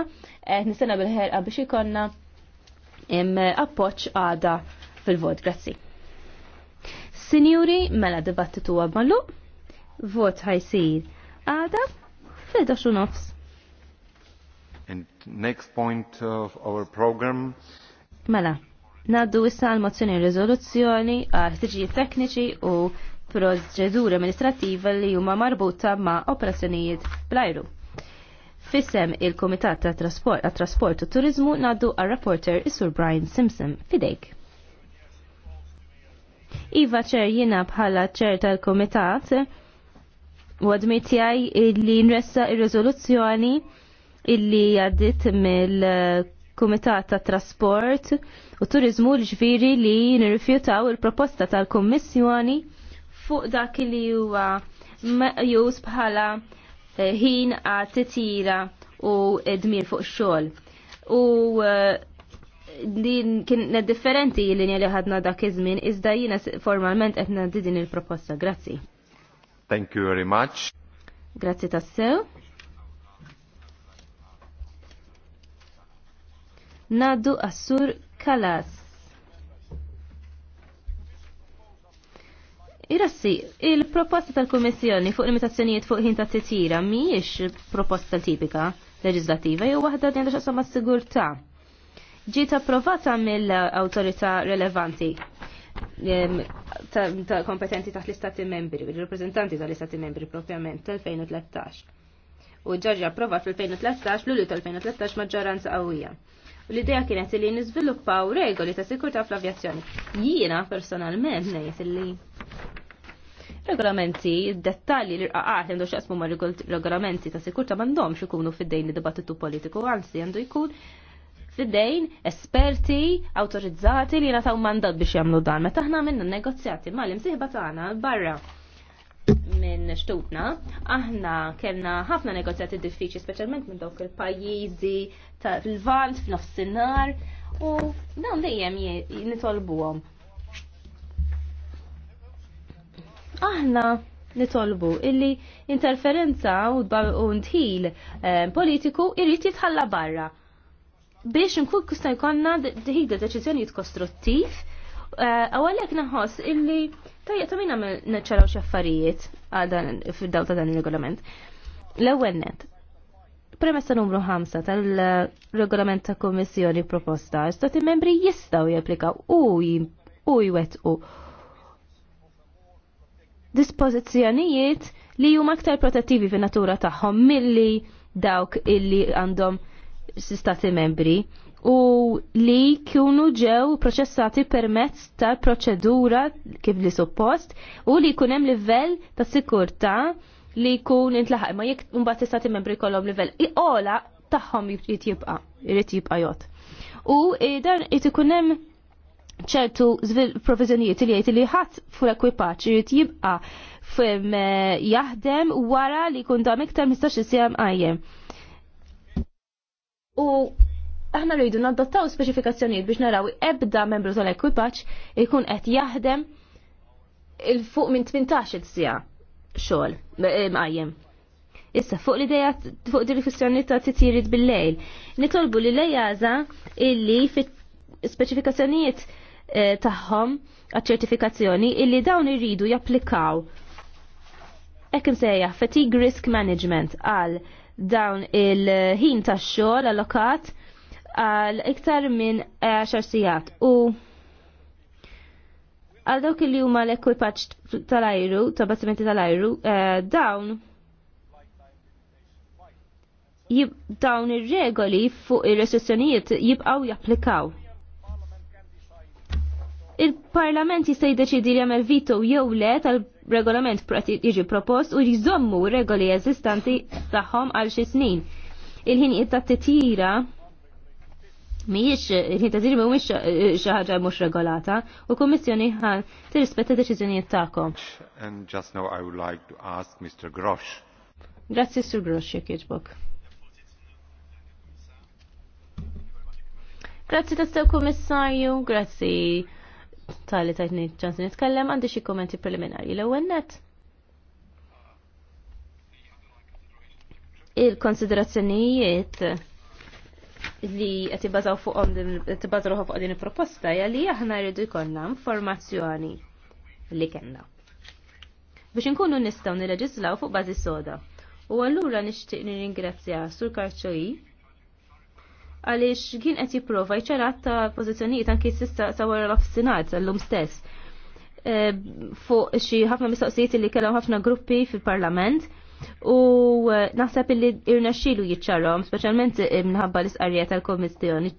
eh, nistenna bil-ħerqa biex ikonna appoċ għada fil-vot. Grazzi. Sinjuri, mela dibattitu għabmallu, vot ħajsir għada fil-11 nofs. And next point of our program. Mela, naddu issa l mozzjoni rezoluzzjoni għal ħtiġijiet tekniċi u proċeduri amministrativa li huma marbuta ma' operazzjonijiet bl-ajru. Fissem il-Komitat ta' Trasport Trasport u Turizmu naddu għal rapporter Isur Brian Simpson fidejk. Iva ċer jina bħala ċer tal-Komitat u għadmitjaj illi nressa il-rezoluzzjoni illi għaddit mill-Komitat ta' Trasport u Turizmu l-ġviri li nirrifjutaw il-proposta tal-Kommissjoni fuq dak li huwa jus bħala ħin għat titira u dmir fuq xogħol. U eh, din kien differenti l li ħadna dak iż-żmien iżda jiena formalment qed ngħaddi din il-proposta. Grazzi. Thank you very much. Grazzi tassew. Nadu Assur Kalas. Irassi, il-proposta tal-Kummissjoni fuq limitazzjonijiet fuq ħin ta' titjira mhijiex proposta tipika leġislativa jew waħda li għandha x'aqsam mas-sigurtà. Ġiet approvata mill-awtorità relevanti ta' kompetenti taħt l-Istati membri, il-reprezentanti tal-Istati membri propjament tal-2013. U ġarġi approvat fil-2013, l-ulju tal-2013 maġġoranza qawwija. L-idea kienet li niżviluppaw regoli ta' sikurta fl-avjazzjoni. Jiena personalment ngħid li regolamenti, dettalji li rqaqat għandu xasmu ma regolamenti ta' sikurta mandom ikunu fid-dejn li dibattitu politiku, għansi għandu jkun fid-dejn esperti autorizzati li nataw mandat biex jamlu dan. Meta ħna minna negozjati ma l-imsiħba tagħna barra minn xtutna, aħna kellna ħafna negozjati diffiċi, speċjalment minn dawk il-pajjiżi fil-vant, f'nofsinhar, u dawn dejjem nitolbuhom. Aħna nitolbu illi interferenza u ntħil eh, politiku irrid jitħalla barra biex nkun kusta jkollna diħida deċiżjonijiet kostruttiv, eh, għalhekk naħoss illi Tajja, ta' minna neċċaraw xaffarijiet fil-daw ta' dan il-regolament. L-ewel net, premessa numru 5 tal-regolament ta' kommissjoni proposta, stati membri jistaw japplikaw u u dispożizzjonijiet li huma aktar protettivi fin natura tagħhom milli dawk illi għandhom stati membri u li kunu ġew proċessati permezz tal-proċedura kif li suppost u li jkun hemm livell ta' sikurtà li kun intlaħaq ma jekk mbagħad tista' membri jkollhom livell iqola tagħhom jrid jibqa' jrid jibqa' jgħod. U eh, dan qed ikun hemm ċertu provizjonijiet li jgħid li ħadd fuq ekwipaġġ irid jibqa' fim eh, jaħdem wara li jkun dam iktar mistax isjem għajjem. U aħna rridu nadottaw speċifikazzjonijiet biex naraw ebda membru tal-ekwipaġġ ikun qed jaħdem il fuq minn 18 sija xogħol imqajjem. Eh, Issa fuq l-ideja fuq din il-kwistjoni ta' titjiriet bil-lejl. Nitolbu li lejaza illi fit speċifikazzjonijiet eh, tagħhom għaċ-ċertifikazzjoni illi dawn irridu japplikaw Hekk imsejja, fatigue risk management għal dawn il-ħin tax xogħol allokat għal iktar minn 10 eh, sijat u għal dawk li huma l-ekwipaġġ tal-ajru, ta' bastimenti tal-ajru, eh, dawn dawn ir-regoli fuq ir-restrizzjonijiet jibqgħu japplikaw. Il-Parlament jista' jiddeċidi li jagħmel vito jew le tal-regolament jiġi propost u jżommu regoli eżistanti tagħhom għal xi snin. Il-ħin ta' titjira Mijiex, il-ħintazir ma mux eh, eh, xaħġa mux regolata u kommissjoni ħan t-rispetta deċizjoniet ta'kom. And just now I would like to ask Mr. Grosh. Grazzi, Sir Grosh, jek jġbok. Grazzi ta' kommissarju, grazzi tali tajtni ċans nitkellem, għandi xie kommenti preliminari l-ewennet. Il-konsiderazzjonijiet li qed jibbażaw fuqhom tibbażaw fuq din il-proposta hija li aħna rridu jkollna informazzjoni li kellna. Biex inkunu nistgħu nirreġislaw fuq bażi soda. U allura nixtieq nirringrazzja Sur Karċoji għaliex kien qed jipprova jċara ta' pożizzjonijiet anke s'issa sa wara l-ofsinat l-lum stess eh, fuq xi ħafna mistoqsijiet li kellhom ħafna gruppi fil-Parlament u eh, naħseb illi xilu jiċċarhom, speċjalment eh, minħabba l-isqarrija tal-Komissjoni.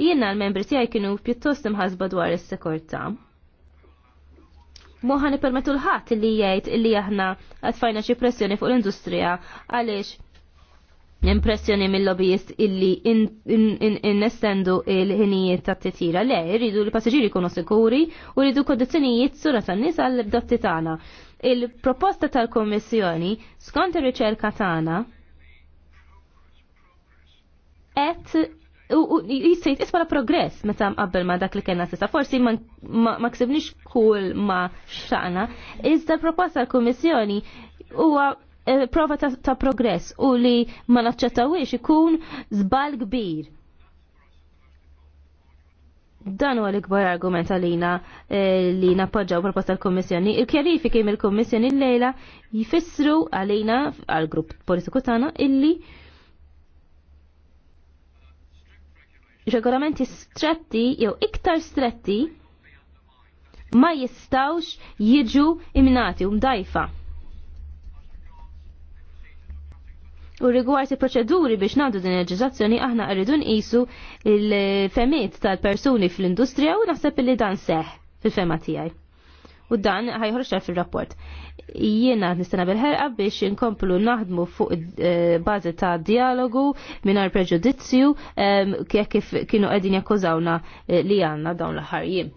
Jiena l-membri tiegħi kienu pjuttost imħasba dwar is-sekurtà. Moħan ipermetu l-ħadd li jgħid illi aħna għatfajna xi pressjoni fuq l-industrija għaliex impressjoni mill-lobbyist illi innestendu il-ħinijiet ta' t-tira. Le, rridu li passiġiri jkunu sikuri u rridu kondizjonijiet sura tan-nies għall-bdotti tagħna il-proposta tal-Kommissjoni skont ir-riċerka tagħna qed jista' jitqies progress meta mqabbel ma dak li kellna sissa. Forsi ma ksibniex kull ma xaqna, iżda l-proposta tal-Kummissjoni huwa eh, prova ta' progress u li ma naċċettawiex ikun żbal kbir dan huwa l-ikbar argument għalina eh, li nappoġġaw proposta l-Kommissjoni. Il-kjarifiki mill-Kommissjoni l-lejla jifissru għalina għal-grupp politiku tagħna illi regolamenti stretti jew iktar stretti ma jistawx jiġu imnati u mdajfa. U rigward il-proċeduri biex nandu din il ġizazzjoni aħna rridu nqisu il-femiet tal-persuni fl-industrija u naħseb li dan seħ fil-fema tiegħi. U dan ħajħorġ fil-rapport. Jiena nistana bil-ħerqa biex inkomplu naħdmu fuq eh, bażi ta' dialogu mingħajr preġudizzju eh, kif kienu qegħdin jakkużawna eh, li għandna dawn l-ħarjim.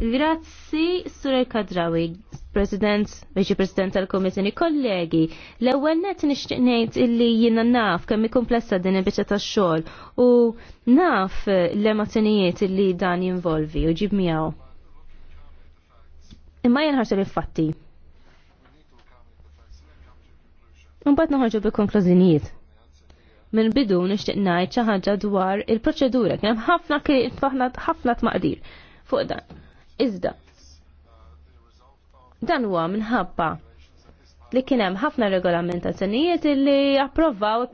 Grazzi, Suraj Kadrawi, President, Veċi President tal-Komissjoni, kollegi, l-ewwel net nixtieq ngħid illi jiena naf kemm komplessa din il-biċċa tax-xogħol u naf l-emozzjonijiet illi dan jinvolvi u ġib miegħu. Imma jien ħarsu l-fatti. Mbagħad naħarġu bi konklużinijiet Min bidu nixtieq ngħid xi ħaġa dwar il-proċedura kien hemm ħafna t-maqdir fuq dan. Iżda, dan huwa minħabba li kien hemm ħafna regolamentazzjonijiet li approvaw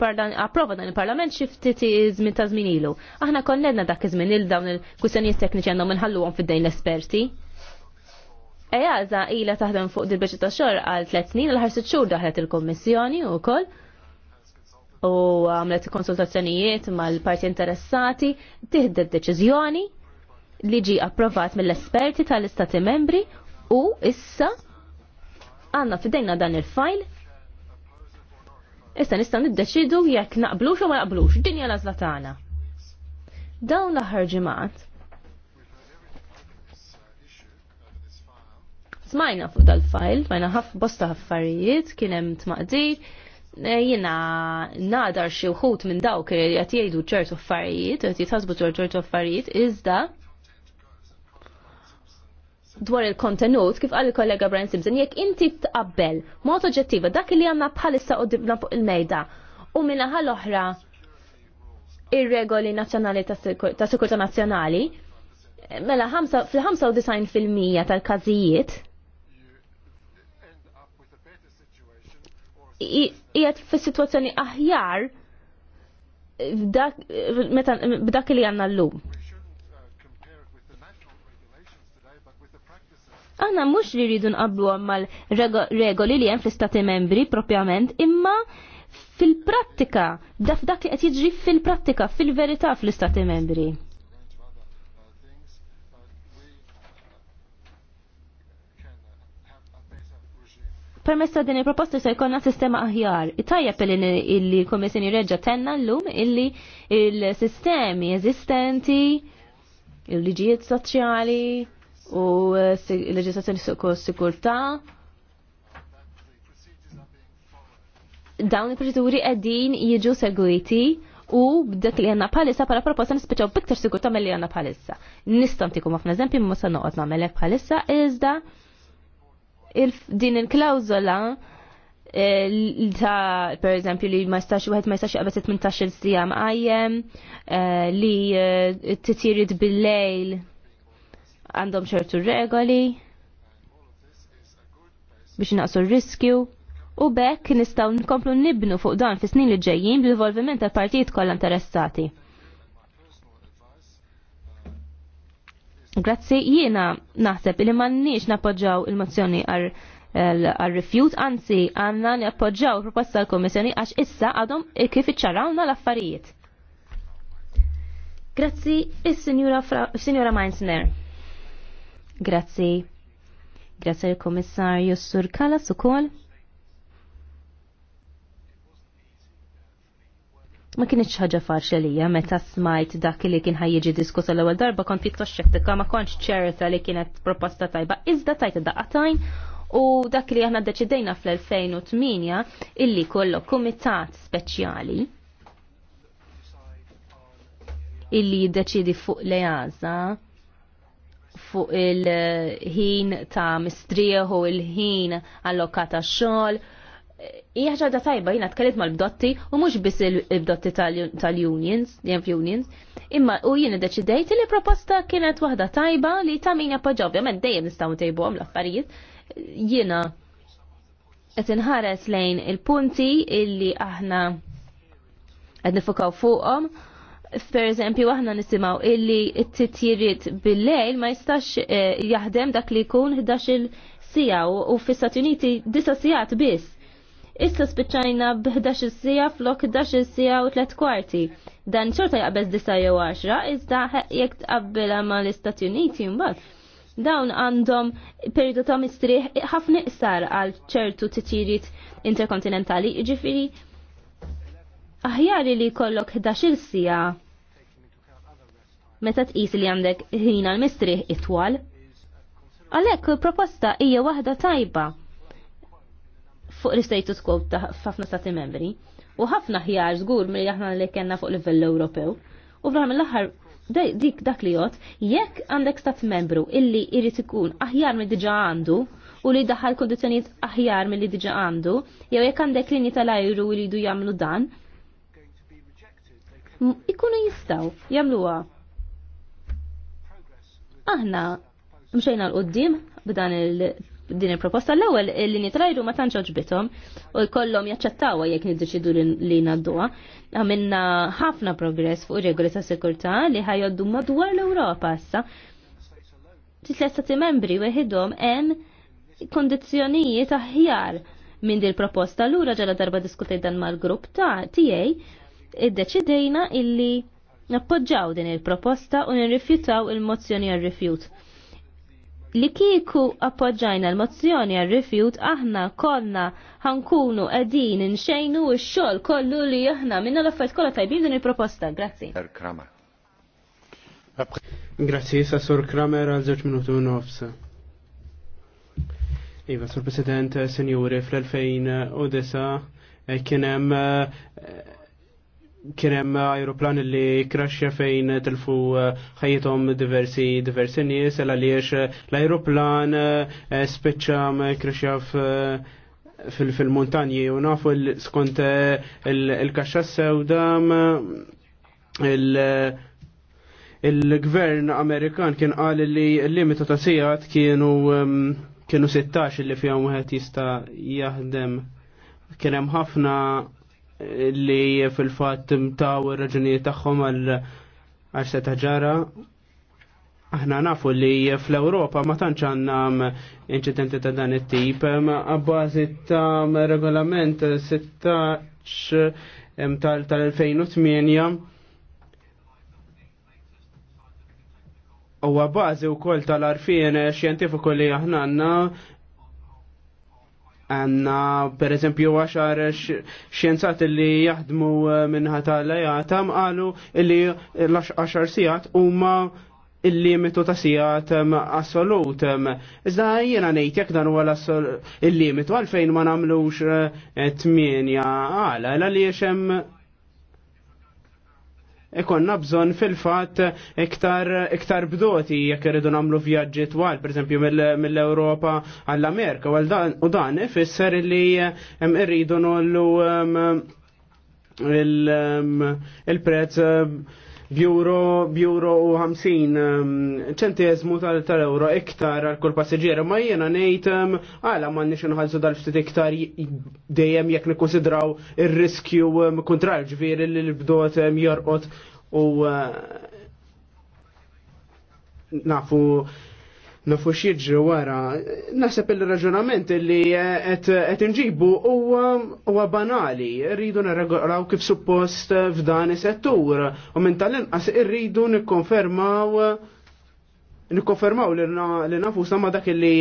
approva dan il-Parlament xi ftit żmien ta' żmien ilu. Aħna konnedna dak iż-żmien il dawn il-kwistjonijiet tekniċi għandhom inħalluhom fid-dejn l-esperti. Ejaza ila taħdem fuq dil ta' xor għal tliet snin l ħarsit xhur daħlet il-Kommissjoni wkoll u għamlet konsultazzjonijiet mal-parti interessati, tiħdet deċiżjoni li ġi approvat mill-esperti tal-istati membri u issa għanna fidejna dan il-fajl issa nista' niddeċidu jekk naqblux u ma naqblux dinja lażla tagħna. Dawn l-aħħar ġimgħat Smajna fuq dal-fajl, smajna ħaf bosta ħaffarijiet, kien hemm tmaqdir, e, jina nadar xi wħud minn dawk li qed jgħidu ċertu affarijiet, qed jitħasbu ċertu affarijiet, iżda dwar il-kontenut, kif għal il-kollega Brian Simpson, jekk inti tqabbel mod oġġettiva dak li għanna bħalissa u fuq il-mejda u minna ħal-oħra ir-regoli nazzjonali ta' sekurta nazzjonali, mela fil-95% tal-każijiet jgħet fi situazzjoni aħjar b'dak li għanna l-lum. Aħna mhux li rridu nqablu mal-regoli li hemm fl-istati membri propjament, imma fil-prattika, daf dak li qed jiġri fil-prattika, fil-verità fl-istati membri. permess ta' din il-proposta se jkollna sistema aħjar. Itajjeb illi l-Kommissjoni reġġa tenna llum illi il-sistemi eżistenti, il-liġijiet soċjali, u eh, leġislazzjoni sikurta. Dawn il-proċeduri qegħdin jiġu segwiti u b'dak li għanna palissa pala proposta nispeċaw biktar sikurta mill-li għanna palissa. Nistan tikum għafna eżempi ma sa noqot namelek palissa iżda din il-klawzola eh, ta' per eżempju li ma jistax wieħed ma jistax jaqbet 18 sija mqajjem eh, li t-tirid bil-lejl għandhom ċertu regoli biex naqsu r-riskju u bekk nistaw nkomplu nibnu fuq dan fi snin li ġejjin bl-involviment tal partijiet kollha interessati. Grazzi jiena naħseb li m'għandniex nappoġġaw il-mozzjoni għal-rifjut, anzi għanna nappoġġaw proposta tal-Komissjoni għax issa għadhom kif iċċarawna l-affarijiet. Grazzi is-Sinjura Meinsner. Grazzi. Grazzi l-Komissarju Sur Kalas ukoll. Ma kienx ħaġa faċli lija meta smajt dak li kien ħajjiġi diskuss l-ewwel darba kont pjuttost xettika ma kontx ċerta li kienet proposta tajba iżda tajta daqatajn u dak li aħna deċidejna fl-2008 illi kollok kumitat speċjali illi jiddeċidi fuq għaza fuq il-ħin ta' mistrieħ u il-ħin allokata xogħol. Hija da tajba jiena tkellimt mal-bdotti u mhux biss il-bdotti tal-unions, unions, imma u jien deċidejt li proposta kienet waħda tajba li ta' min jappoġġa ovvjament dejjem nistgħu ntejbuhom l-affarijiet. Jiena qed inħares lejn il-punti illi aħna qed nifukaw fuqhom per eżempju għahna nisimaw illi t tirrit bil-lejl ma jistax eh, jahdem dak li kun 11 sija u fis-Stati Uniti 9 sijat bis. Issa spiċajna b-11 sija flok 11 sija u 3 kwarti. Dan xorta jaqbeż 9 jew 10, iżda t tqabbilha ma l-Istati Uniti mbagħad. Dawn għandhom periodu tom istriħ ħafna iqsar għal ċertu t-tirrit interkontinentali, ġifiri aħjar li kollok 11 sija meta tqis li għandek ħina l-mistrieħ itwal. Għalhekk proposta hija waħda tajba fuq l-status quo ta' ħafna stati membri u ħafna ħjar żgur milli aħna li kellna fuq livell Ewropew. U fl mill-aħħar dik dak li jgħod, jekk għandek stat membru illi jrid ikun aħjar mill diġa għandu u li daħal kondizzjonijiet aħjar mill diġà diġa għandu, jew jekk għandek linji tal-ajru li jdu jagħmlu dan, ikunu jistaw jagħmluha Aħna mxejna l-qoddim b'dan din il-proposta l-ewwel li nitrajdu ma tantx ġbitom u jkollhom jaċċettawha jekk niddeċidu li ngħadduha. Għamilna ħafna progress fuq regoli ta' sekurta li ħajoddu madwar l-Ewropa issa. Titlet stati membri weħidhom hemm kondizzjonijiet aħjar minn din proposta l-ura ġala darba diskutejt dan mal-grupp ta' tiegħi deċidejna illi nappoġġaw din il-proposta u nirrifjutaw il-mozzjoni għal rifjut Li kieku appoġġajna l-mozzjoni għal rifjut aħna konna ħankunu qegħdin nxejnu x-xogħol kollu li aħna minna l-affarijiet kollha tajbin din il-proposta. Grazzi. Grazzi, sa Sur Kramer għal żewġ minuti u nofs. Iva, Sur President, Senjuri, fl-2009 eh, kien hemm eh, kienem aeroplan li krasċa fejn tilfu eh, ħajjithom diversi diversi nies għal għaliex eh, l-aeroplan eh, spiċċa krasċa fil-montanji u nafu skont il-kaxxa sewda il-gvern Amerikan kien qal li l-limita ta' sigħat kienu ehm, kienu 16 li fihom wieħed jista' jaħdem kien hemm ħafna li fil-fat mtaw raġunijiet tagħhom għal għax ġara. Aħna nafu li fl-Ewropa ma tantx għandna um, inċidenti ta' dan it-tip, um, għabbażi ta' um, regolament 16 tal-2008 huwa bażi wkoll tal-arfien xjentifiku li aħna għandna għanna per eżempju għaxar xienzat li jaħdmu eh, minnħata l-ajata għalu li l għaxar sijat huma il-limitu ta' sijat eh, assolut. Eh. Iżda jena nejt jek dan huwa il-limitu għalfejn ma namlux 8 għala, l-għaliex hemm ikonna bżon fil-fat iktar, iktar bdoti jekk irridu nagħmlu vjaġġi twal, esempio, mill-Ewropa għall-Amerika, u dan ifisser li irridu nollu il-prezz bjuro bjuro u 50 um, ċentezmu tal-euro iktar għal kull passiġġier ma jiena ngħid um, għala ma nix inħallsu dal-ftit iktar dejjem jekk nikkonsidraw ir-riskju um, kontrarju ġifieri li l-bdot jorqod u uh, nafu Nafux jiġri wara. Nasab il-raġunament li qed eh, inġibu huwa banali, rridu narregolaw kif suppost f'dan is-settur u minn tal-inqas irridu nikkonfermaw nikkonfermaw li nafusna ma dak li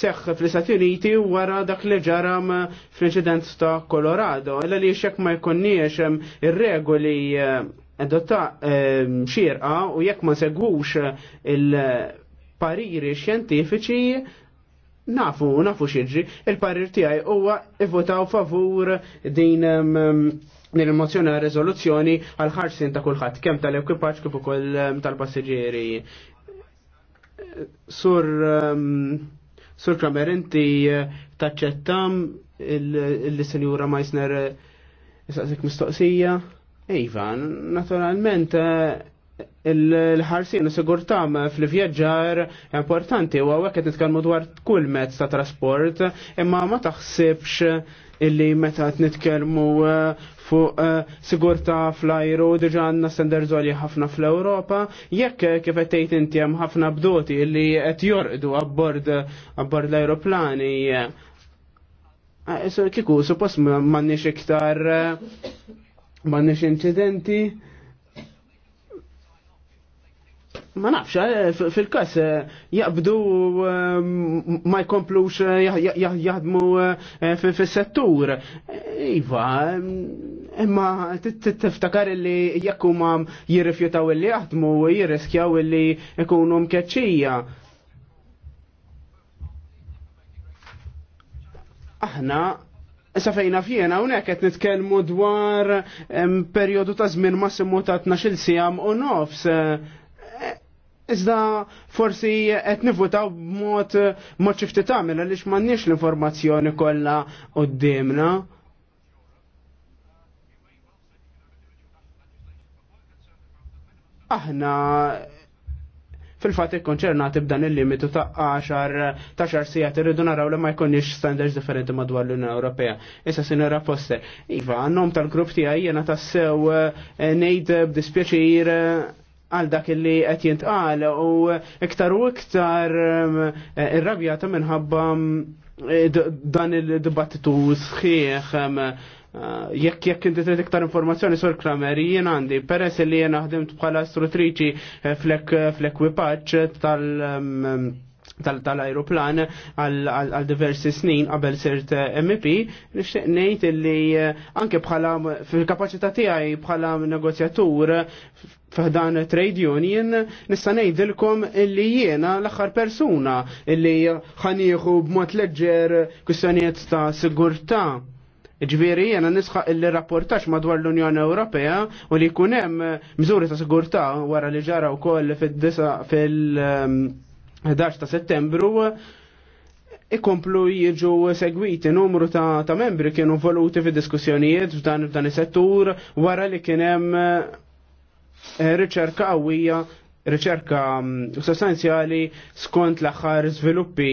seħħ fl-Istati Uniti wara dak li ġara fl-inċident ta' Colorado. Illa li xek ma jkunniex ir-regoli eh, adotta eh, xirqa u jekk ma segwux il- pariri xjentifiċi nafu, nafu xieġi, il-parir tijaj huwa votaw favur din nil-mozzjoni għal rezoluzzjoni għal ħarsin ta' kullħat, kem tal-ekwipaċ kif ukoll tal-passiġieri. Sur, sur Kramer, eh, taċċettam il-senjura Meissner jisaqsik eh, mistoqsija? Ivan, naturalment, eh, il-ħarsin u sigurtà fil vjagġar importanti u għawek qed nitkellmu dwar kull mezz ta' trasport imma ma taħsibx illi meta qed nitkellmu uh, fuq uh, sigurtà fl-ajru diġanna għandna ħafna fl-Ewropa jekk kif qed tgħid inti hemm ħafna bdoti illi qed jorqdu għabbord abbord l aeroplani uh, kiku suppost m'għandniex iktar m'għandniex incidenti ma nafx, eh, fil-kas eh, jaqbdu eh, ma jkomplux jaħdmu fil-settur. Iva, imma tiftakar li jekku ma jirrifjutaw li jaħdmu, jirriskjaw li ikunu mkeċija. Aħna, Issa fejna fjena, unek qed nitkellmu dwar perjodu ta' żmien massimu ta' 12 sijam u nofs Iżda forsi qed nifutaw b'mod mod xifti tagħmel għaliex m'għandniex l-informazzjoni kollha qudiemna. Aħna fil-fatt ikkonċerna b'dan il-limitu ta' 10 ta' xar sijat irridu naraw li ma jkunniex standards differenti madwar l-Unjoni Ewropea. Issa sinjora Foster, iva, nom tal-grupp tiegħi jiena tassew eh, ngħid b'dispjaċir għal dak li qed jintqal u iktar u iktar um, eh, irrabjata minħabba um, eh, dan il-dibattitu sħiħ um, eh, jekk jekk inti trid iktar informazzjoni sur Kramer jien għandi peress li jiena ħdimt bħala strutriċi flek flek wipaċ tal tal-aeroplan għal diversi snin qabel sirt eh, MP, nixtieq ngħid li eh, anke bħala fil-kapaċità tiegħi bħala negozjatur f'dan trade union nista' ngħidilkom illi jiena l-aħħar persuna illi ħanieħu b'mod leġġer kwistjonijiet ta' sigurtà. Ġviri, jena nisħaq il rapportax madwar l-Unjoni Ewropea u li kunem mżuri ta' sigurtà wara li ġara u koll fil-disa fil-, -disa, fil 11 ta' settembru ikomplu jiġu segwiti numru ta', ta membri kienu voluti fi diskussjonijiet f'dan dan is-settur wara li kien hemm eh, riċerka qawwija riċerka mm, sostanzjali skont l-aħħar sviluppi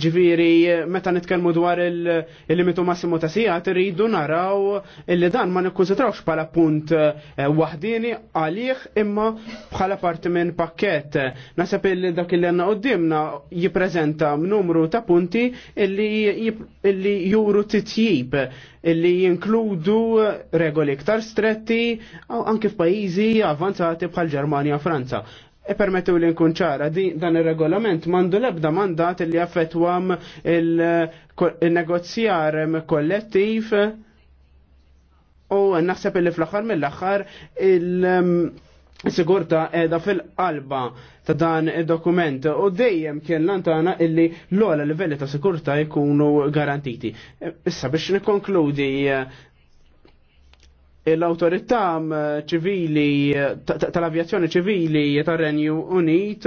Ġviri, meta nitkellmu dwar il-limitu massimo ta' sijat, rridu naraw li dan ma nikkonsidrawx bħala punt eh, wahdini għalih imma bħala parti minn pakket. Nasab il dak il għanna qoddimna jiprezenta numru ta' punti illi juru titjib illi jinkludu regoli iktar stretti anke f'pajjiżi avanzati bħal Ġermanja Franza. E permettu li nkun ċara, dan il-regolament mandu lebda mandat li jaffetwam il-negozjar kollettiv u naħseb li fl-axar mill-axar il-sigurta um, edha fil-qalba ta' dan il-dokument u dejjem kien lantana illi l-ola livelli ta' sigurta jkunu garantiti. E, issa biex nikonkludi l-autorità ċivili tal-avjazzjoni ċivili tar-Renju Unit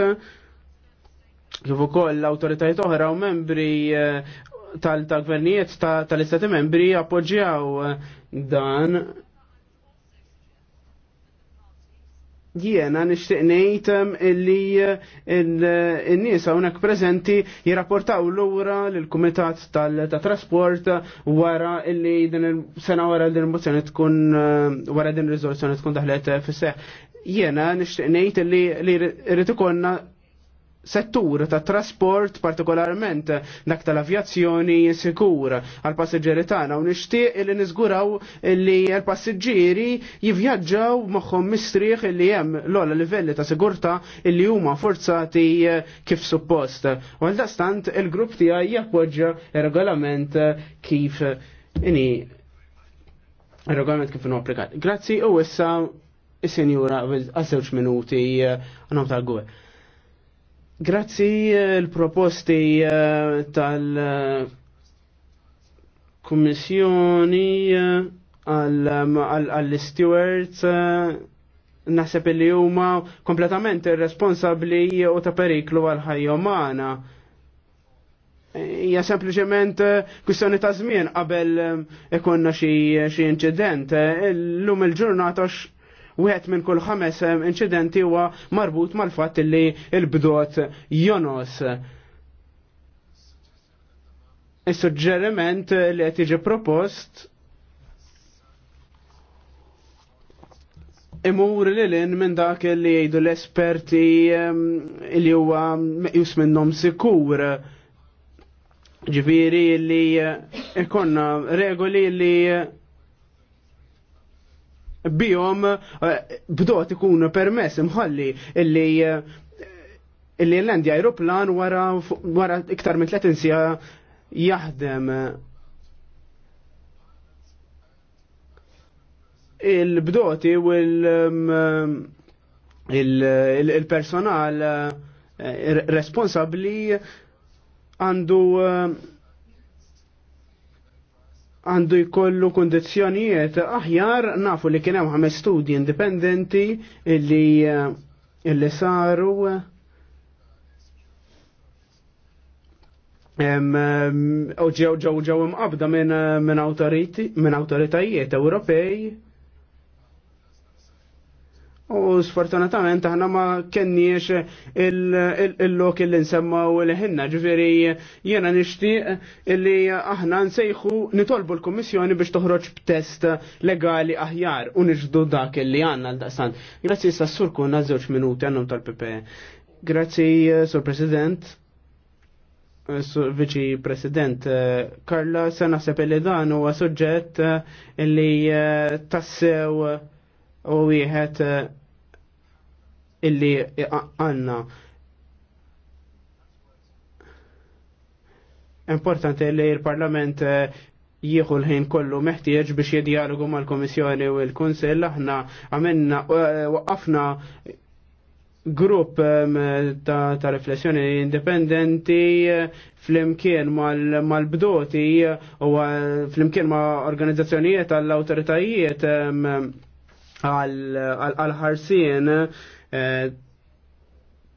kif ukoll l-awtoritajiet oħra u membri eh, tal-gvernijiet tal-istati membri appoġġjaw eh, dan jiena nixtieq ngħid ehm, illi eh, eh, n-nies hawnhekk preżenti jirrapportaw lura lill kumitat tal-trasport wara illi din il-sena wara din il-mozzjoni tkun eh, wara din ir-riżoluzzjoni tkun daħlet fis-seħ. Jiena nixtieq ngħid illi rrid ikollna settur ta' trasport partikolarment dak tal-avjazzjoni sikur għal passiġġieri tagħna u nixtieq li niżguraw li l-passiġġieri jivvjaġġaw magħhom mistrieħ li hemm l-ogħla livelli ta' sigurtà li huma forzati kif suppost. U għal dastant il-grupp tiegħi jappoġġja regolament kif ini regolament kif inhu applikat. Grazzi u issa is-senjura għal żewġ minuti għandhom tal-gwe. Grazzi eh, l-proposti eh, tal- eh, kummissjoni għall-stewards naħseb li huma kompletament irresponsabbli u ta' periklu għal ħajja umana. Hija sempliċement kwistjoni ta' żmien qabel ikonna xi incident Llum il-ġurnata Wieħed minn kull ħames eh, inċidenti huwa marbut mal-fatt li l-bdot jonos. Is-suġġeriment li qed jiġi propost imur li l-in minn dak li jgħidu l-esperti li huwa meqjus minnhom sikur. Ġifieri li ikonna regoli li bijom eh, bdot ikun permess imħalli illi eh, illi l-lendi aeroplan wara, wara iktar minn 30 sija jaħdem il-bdoti u mm, il-personal eh, responsabli għandu għandu jkollu kondizjonijiet aħjar nafu li kienem ħames studji indipendenti illi eh, illi saru u ġew ġew ġew imqabda minn awtoritajiet Ewropej U sfortunatament aħna ma kenniex il-lok il nsemma u l-ħinna ġveri jena nishtiq li aħna nsejħu nitolbu l-Komissjoni biex toħroġ b'test legali aħjar u nixdu dak li għanna l-daqsan. Grazzi sassur kun għazzoċ minuti għannum tal-PP. E. Grazzi, Sur President. Viċi President Karla, sena sepp li dan huwa suġġett li tassew u wieħed eh, illi għanna. Importanti li l-Parlament eh, jieħu l-ħin kollu meħtieġ biex jidjalogu mal-Komissjoni u l-Kunsill aħna għamilna eh, waqqafna grupp ta', ta riflessjoni indipendenti flimkien mal-bdoti u flimkien ma' organizzazzjonijiet għall-autoritajiet għal-ħarsien eh,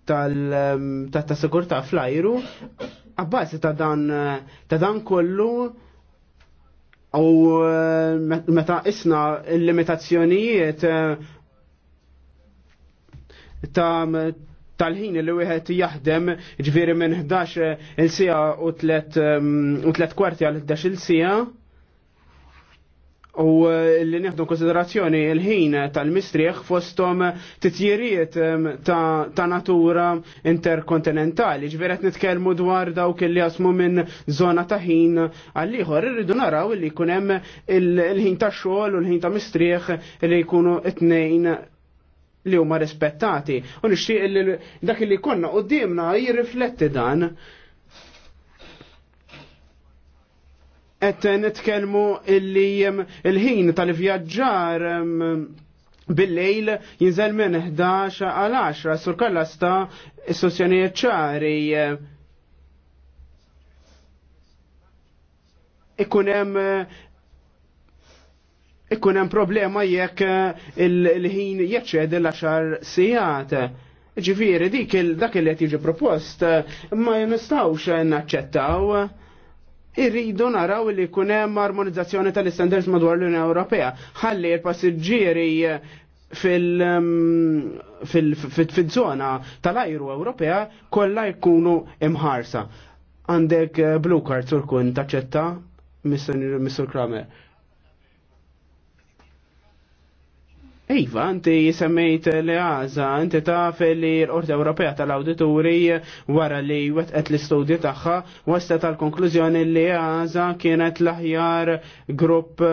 tal-sigurta fl-ajru, għabbasi ta' dan kollu u eh, meta isna l-limitazzjonijiet eh, ta' tal-ħin li wieħed jaħdem ġviri minn 11 il-sija u 3 kwarti għal 11 il-sija u eh, li neħdu konsiderazzjoni il-ħin tal-mistrieħ fostom titjiriet ehm, ta' natura interkontinentali. Ġveret nitkelmu dwar dawk li jasmu minn zona ta' ħin għalliħor. ieħor Irridu naraw li jkun hemm il-ħin ta' xogħol u l-ħin ta' mistrieħ li jkunu it-tnejn li huma rispettati. U nixtieq dak li konna qudiemna jirrifletti dan qed nitkellmu illi il-ħin tal-vjaġġar bil-lejl jinżel minn 11 għal 10 sur sta s-sostjonijiet ċari ikun hemm ikkun hemm problema jekk il-ħin jeċċed l-10 sigħat. Ġifieri dik dak li qed jiġi propost ma nistgħux naċċettaw irridu naraw li jkun hemm armonizzazzjoni tal-istandards madwar l-Unjoni Ewropea. Ħalli l-passiġġieri eh, fil-zona mm, tal-ajru Ewropea kollha jkunu imħarsa. Għandek eh, blue card sur kun taċċetta, Mr. Kramer. Iva, anti semmejt li għaza, inti taf li l-Qorti Ewropea tal-Awdituri wara li wetqet l-istudju tagħha wasta tal-konklużjoni li għaza kienet l-aħjar grupp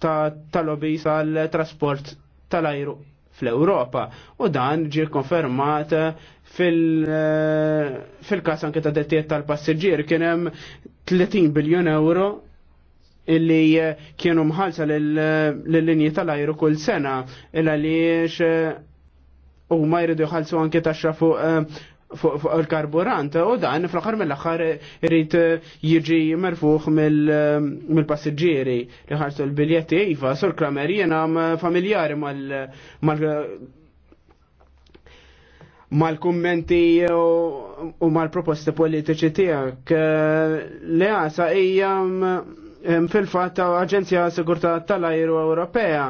ta' lobby tal-trasport tal-ajru fl-Ewropa. U dan ġie konfermat fil-kas anke ta' dettijiet tal-passiġġier kien hemm 30 biljun euro illi eh, kienu mħalsa l-linji eh, tal-ajru kull sena illa li eh, u ma jridu jħalsu anke taxxa fuq il-karburant u dan fl-axar mill-axar jrid jiġi merfuħ mill-passiġġieri li ħarsu l-biljetti iva sur kramer jena familjari mal kommenti u mal-proposti politiċi tijak. Le għasa ijam fil-fat ta' Aġenzja Sigurtà tal-Ajru Ewropea.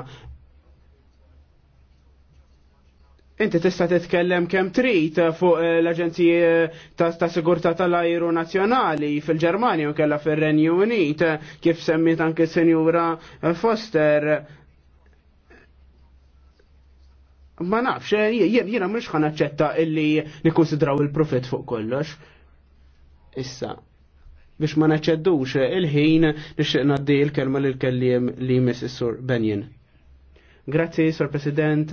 Inti tista' titkellem kemm trid fuq eh, l-Aġenziji eh, ta' Sigurtà tal-Ajru Nazzjonali fil-Ġermanja u kellha fir-Renju Unit kif semmiet anke Sinjura eh, Foster. Ma nafx, jiena mhux ħanaċċetta illi nikkonsidraw il-profit fuq kollox. Issa, biex ma naċċedux il-ħin nixtieq naddi l-kelma lil kelliem li jmiss is-sur Benjen. Grazzi, Sur President,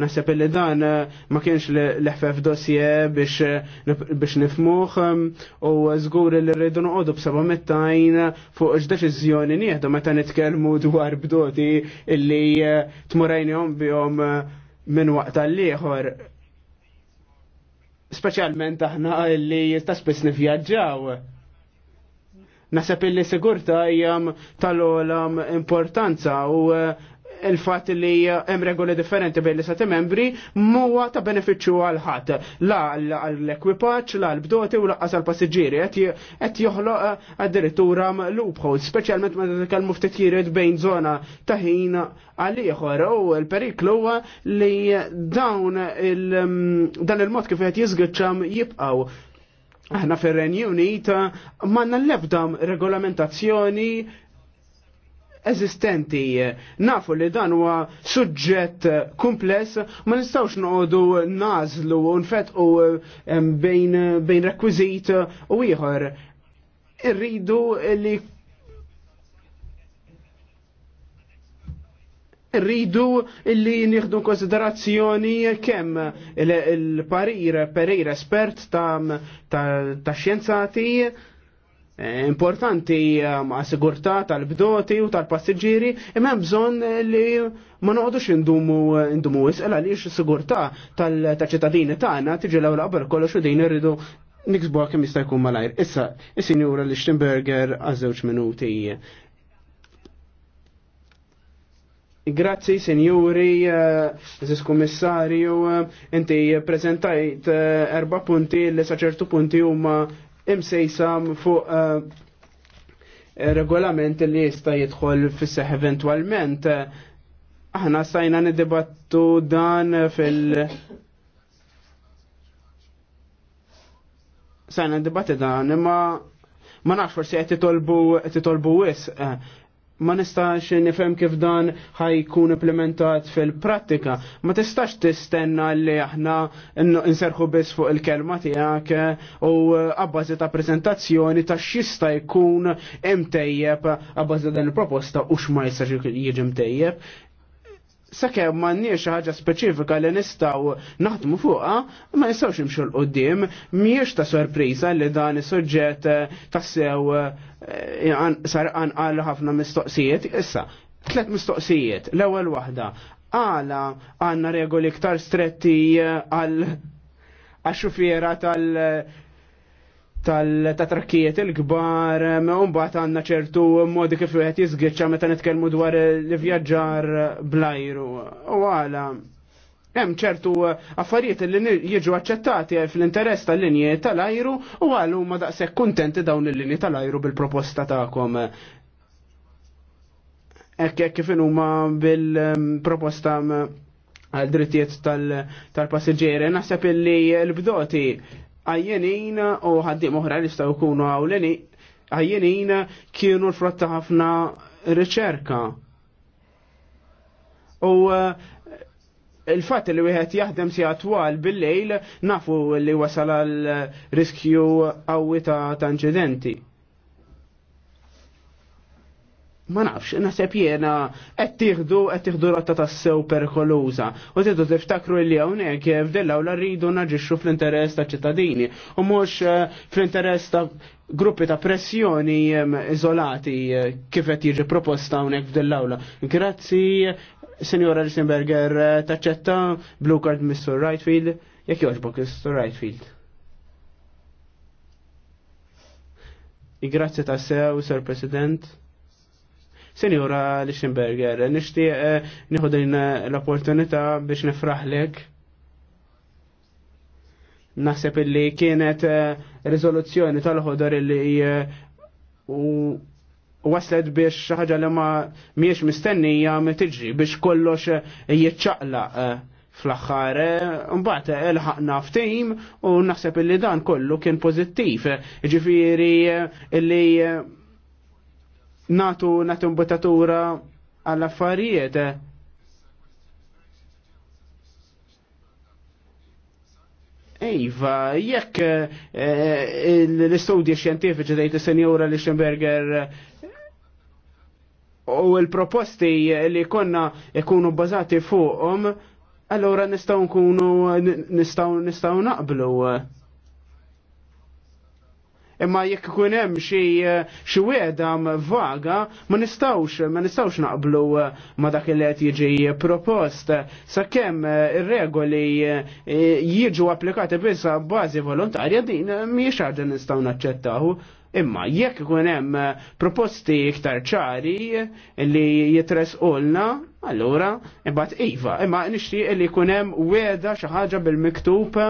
naħseb li dan ma kienx l-ħfef dosje biex nifmuħ u żgur li rridu noqogħdu b'seba' mittajn fuq x'deċiżjoni nieħdu meta nitkellmu dwar bdoti illi tmurajnihom bihom minn waqt l-liħor. specialment aħna illi ta' spiss nivjaġġaw. Nasab illi sigurta jgħam tal-olam importanza u eh, il-fat li hemm regoli differenti bejn l-istati membri muwa ta' benefiċċju għal ħadd. La l-ekwipaġġ, la l-bdoti u laqqas għal passiġġieri qed joħloq eh, addirittura loopholes, speċjalment meta titkellmu ftit jiried bejn żona ta' ħin għal ieħor u l-periklu huwa li dawn mm, dan il-mod kif qed jiżgiċċam jibqgħu Aħna mm-hmm. fir-Renju Unit manna l-ebda regolamentazzjoni eżistenti. Nafu li dan huwa suġġett kumpless, ma nistawx noqogħdu nażlu u nfetqu bejn, bejn rekwiżit u ieħor. Irridu li rridu illi nieħdu konsiderazzjoni kemm il-parir perir espert ta', ta, xjenzati eh, importanti eh, ma' sigurtà tal-bdoti u tal-passiġġieri imma hemm bżonn li ma noqogħdux indumu indumu isqel għaliex sigurtà tal-ċittadini tagħna tiġi l-ewwel qabel kollox u din irridu niksbuha kemm jista' jkun malajr. Issa, is-Sinjura Lichtenberger għaż żewġ minuti. Grazzi, senjuri, ziz eh, kummissarju, eh, inti prezentajt eh, erba punti li saċertu punti huma imsejsam fuq regolament li jista jidħol fis eventualment. Aħna stajna nidibattu dan fil- Sajna dan, imma ma nafx forsi qed titolbu wis ma nistax nifhem kif dan ħajkun implementat fil-prattika. Ma tistax tistenna li aħna nserħu biss fuq il-kelma tiegħek eh, u eh, abbażi ta' prezentazzjoni ta' xista jkun imtejjeb abbażi dan il-proposta u x'ma jistax jiġi imtejjeb sakke m'għandniex ħaġa speċifika li nistgħu naħdmu fuqha, ma nistgħux imxu l qudiem mhijiex ta' sorpriża li dan is-suġġett eh, tassew eh, sar għal ħafna mistoqsijiet issa. Tlet mistoqsijiet, l-ewwel waħda, għala għandna regoli iktar stretti eh, għal għax xufiera tal- tal-tatrakkijiet il-kbar, un-bat għandna ċertu modi kif wieħed jizgħiċa meta nitkellmu dwar l vjagġar blajru. U għala, hemm ċertu affarijiet li jiġu aċċettati fl-interess tal-linji tal-ajru u għallu huma daqshekk kuntenti dawn il-linji tal-ajru bil-proposta tagħkom. Ekk kif huma bil-proposta għal drittijiet tal-passiġġieri, naħseb illi l-bdoti għajjenina u ħaddim moħra nistaw kunu għawleni, għajjenina kienu l-fratta ħafna riċerka. U eh, il-fat li wieħed jaħdem si għatwal bil-lejl nafu li wasal għal riskju għawita ta' inċidenti ma nafx, naħseb jena, qed tieħdu qed tieħdu rotta tas-sew perkoluża. U tidu tiftakru li hawnhekk f'della la rridu naġixxu fl-interess ta' ċittadini u mhux eh, fl-interess ta' gruppi ta' pressjoni eh, iżolati eh, kif qed jiġi proposta hawnhekk f'dell-awla. Grazzi, Signora Risenberger, taċċetta Blue Card Mr. Rightfield, jekk joġbok Mr. Rightfield. Grazzi ta' sew, Sir President. Senjora Lichtenberger, nishtiq eh, niħodin eh, l-opportunità biex nifraħlek. Naħseb illi kienet eh, rizoluzzjoni tal-ħodor illi waslet biex ħaġa li ma miex mistennija ma tiġri biex kollox jitċaqla fl-axħar, mbagħad elħaqna f-tim u naħseb illi dan kollu kien pozittif. Ġifiri illi natu natu mbutatura għall-affarijiet. Ejva, jekk eh, l-istudji xjentifiċi dejt il-senjura Lichtenberger u l-proposti li konna ikunu bazati fuqhom, allora nistaw nkunu nistaw nistaw naqblu. Imma jekk ikun hemm xi eh, xi wieda vaga, ma nistgħux ma nistgħux naqblu eh, ma dak li qed jiġi propost sakemm eh, ir-regoli jiġu applikati biss bażi volontarja din mhijiex ħaġa nistgħu naċċettahu. Imma jekk ikun hemm proposti iktar ċari li jitresqulna, allura imbagħad iva, imma nixtieq li jkun hemm wieda xi ħaġa bil-miktub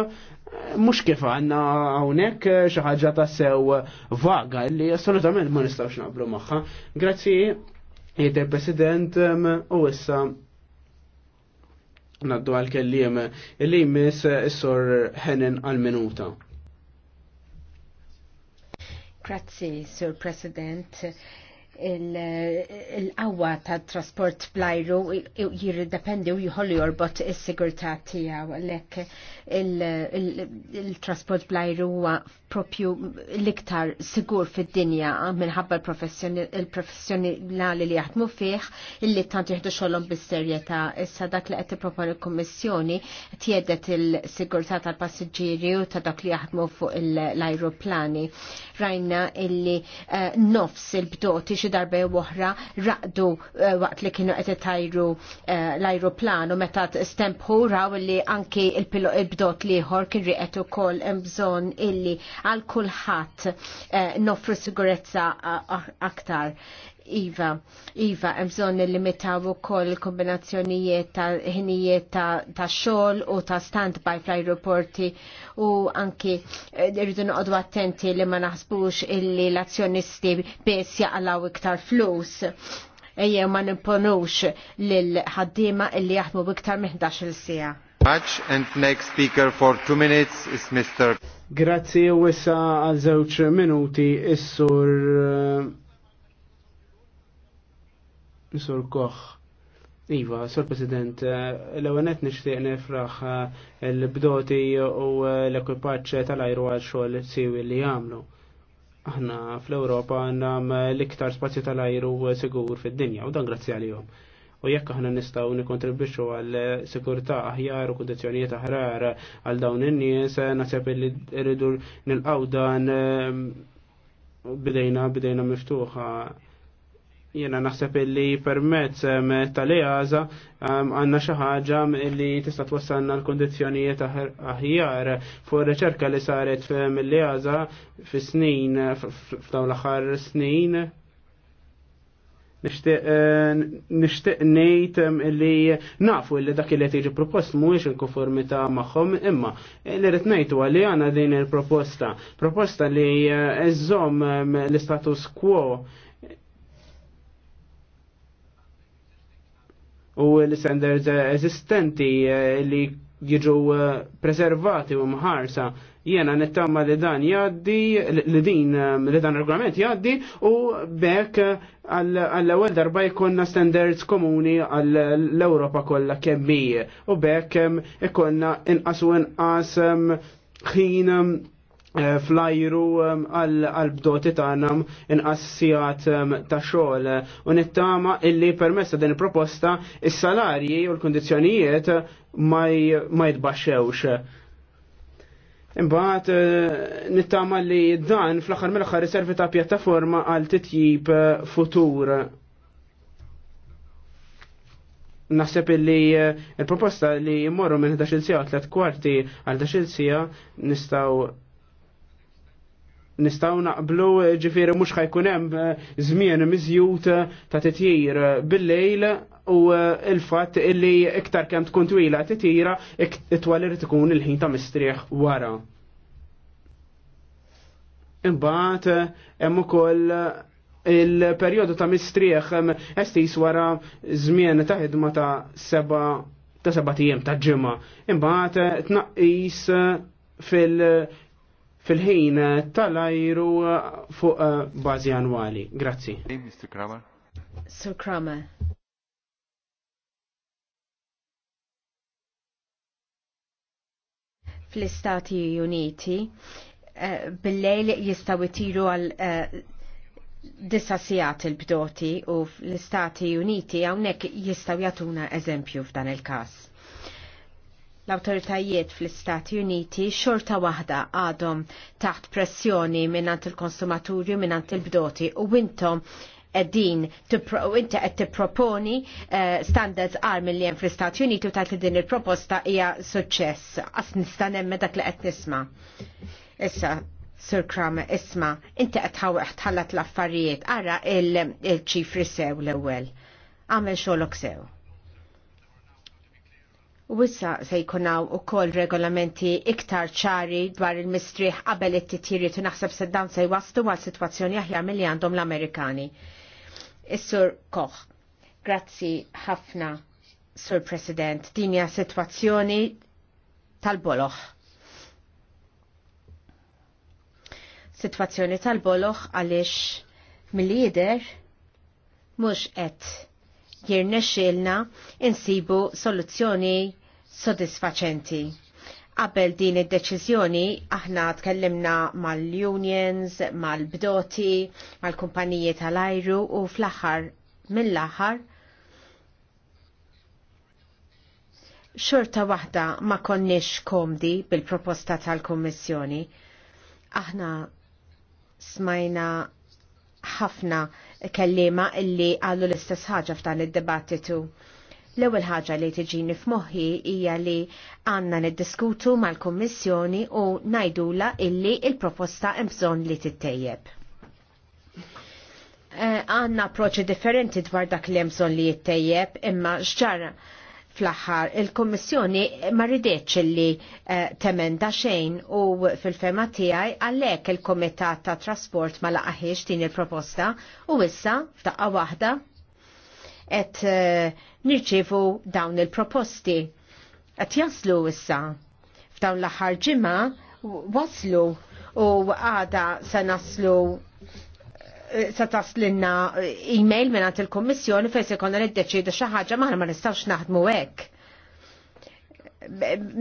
mux kif għanna għonek eh, xaħġa ta' sew vaga li assolutament ma nistawx naqblu maħħa. Grazzi, jete president u issa naddu għal-kellim li jmiss eh, s-sor Henen għal-minuta. Grazzi, Sur President il-qawwa ta' trasport blajru jirridependi u jħolli jorbot is-sigurtà tiegħu għalhekk il-trasport blajru huwa propju l-iktar sigur fid-dinja minħabba l-professjonali li jaħdmu fih illi tant jihdu xogħolhom bis-serjetà issa dak li qed tipproponi l-Kummissjoni tjedet il-sigurtà tal-passiġġieri u ta' dak li jaħdmu fuq l-ajruplani. Rajna illi eh, nofs il-bdoti xi darba oħra raqdu eh, waqt li kienu qed itajru eh, l u meta stempħu raw illi anki il-pilot b'dot liħor kien riqet ukoll hemm bżonn illi għal kulħadd eh, nofru sigurezza aktar. Iva, Iva, hemm bżonn nillimitaw ukoll kombinazzjonijiet ta' ħinijiet ta', ta xogħol u ta' stand-by fl-ajruporti u anki eh, rridu noqogħdu attenti li ma naħsbux illi l-azzjonisti biss jaqlaw iktar flus Ejja ma nimponux lil ħaddiema illi jaħdmu biktar minn 11 sija. Much and next speaker for two minutes is Mr. Grazzi u issa għal żewġ minuti is-sur eh, is Sur Koch. Iva, Sur President, eh, l-ewenet nixtieq nifraħ eh, l-bdoti u l ekwipaġġ tal-ajru għal xogħol siwi li jagħmlu. Aħna fl-Ewropa għandna l-iktar spazju tal-ajru sigur fid-dinja u dan grazzi għalihom u jekk aħna nistgħu nikkontribwixxu għal sikurtà aħjar u kundizzjonijiet aħrar għal dawn in-nies naħseb li rridu nilqgħu dan ehm, bidejna bidejna miftuħa jena naħseb illi permezz ehm, tal eaza ehm, għanna xi ħaġa li tista' twassalna l kundizzjonijiet aħjar fuq riċerka li saret mill eaza fi snin f'dawn l-aħħar snin Eh, nishtiq nejt li nafu li dak li tiġi propost mhuwiex il-konformità magħhom imma li rid ngħidu li għandna din il-proposta. Proposta li eżom eh, l-status quo u l-standards eh, eżistenti li jiġu eh, preservati u mħarsa jena nittama li dan jaddi li din eh, li dan regolament jaddi u bekk eh, għall-ewwel darba jkollna standards komuni għall-Ewropa kollha kemmi u bekk ikollna inqas u inqas ħin Eh, flajru eh, għal-bdoti tagħna inqassijat eh, ta' xogħol u nittama illi permessa din il-proposta is-salarji u l-kundizzjonijiet ma jitbaxxewx. Imbagħad nittama li dan fl-aħħar mill-aħħar iservi ta' pjattaforma għal titjib futur. Naħseb illi il-proposta li jmorru minn 11 sija u 3 kwarti għal 11 sija nistgħu nistaw naqblu eh, ġifiri mux ħajkunem zmien eh, mizjut eh, ta' titjir bil-lejl u il-fat illi iktar kem tkun twila titjira it-twalir tkun il-ħin ta' mistrieħ wara. Imbagħad hemm ukoll il-perjodu ta' mistriħ estis wara żmien ta' ħidma ta' seba ta' seba' tijem ta' ġimgħa. Imbagħad tnaqqis fil- fil-ħin tal-ajru fuq eh, bażi annwali. Grazzi. Mr. Kramer. Sir Kramer. fl-Istati Uniti eh, bil-lejl jistaw itiru għal eh, disasijat il-bdoti u fl-Istati Uniti għawnek jistaw jatuna eżempju f'dan il-kas l-autoritajiet fl-Istati Uniti xorta waħda għadhom taħt pressjoni minnant il-konsumaturi minnant il-bdoti u intom din inti qed tipproponi eh, standards li hemm fl-Istati Uniti u tajt li din il-proposta hija suċċess. Qas nista' nemme dak li qed nisma'. Issa, Sir Kramer, isma, inti qed tħallat l-affarijiet, ara il-ċifri sew l-ewwel. Għamel xogħlok sew. U issa se jkunaw u koll regolamenti iktar ċari dwar il-mistriħ qabel it-titjiri tu naħseb se se jwastu għal situazzjoni aħjar mill għandhom l-Amerikani. Is-Sur Koch, grazzi ħafna, Sur President, dinja situazzjoni tal-boloħ. Situazzjoni tal-boloħ għalix mill-lider mux qed jirnexxilna insibu soluzzjoni sodisfaċenti. Qabel din id-deċiżjoni aħna tkellimna mal-unions, mal-bdoti, mal-kumpaniji tal-ajru u fl-aħħar mill-aħħar xorta waħda ma konniex komdi bil-proposta tal-Kommissjoni. Aħna smajna ħafna kellima illi għallu l-istess ħaġa f'dan id-dibattitu. L-ewwel ħaġa li tiġini f'moħħi hija li għandna niddiskutu mal-Kummissjoni u ngħidula illi il-proposta hemm bżonn li tittejjeb. Eh, Għanna approċċi differenti dwar dak li hemm bżonn li jittejjeb imma x'ġara fl-aħħar il-Kommissjoni ma rideċ li eh, temenda xejn u fil-fema tiegħi għalhekk il-Komitat ta' Trasport ma laqaħiex din il-proposta u issa f'daqqa waħda qed eh, nirċievu dawn il-proposti. Qed jaslu issa f'dawn l-aħħar ġimgħa waslu u għada se naslu sa taslinna e-mail minna til il-Kommissjoni fejn se konna niddeċidu xi ħaġa maħna ma nistgħux naħdmu hekk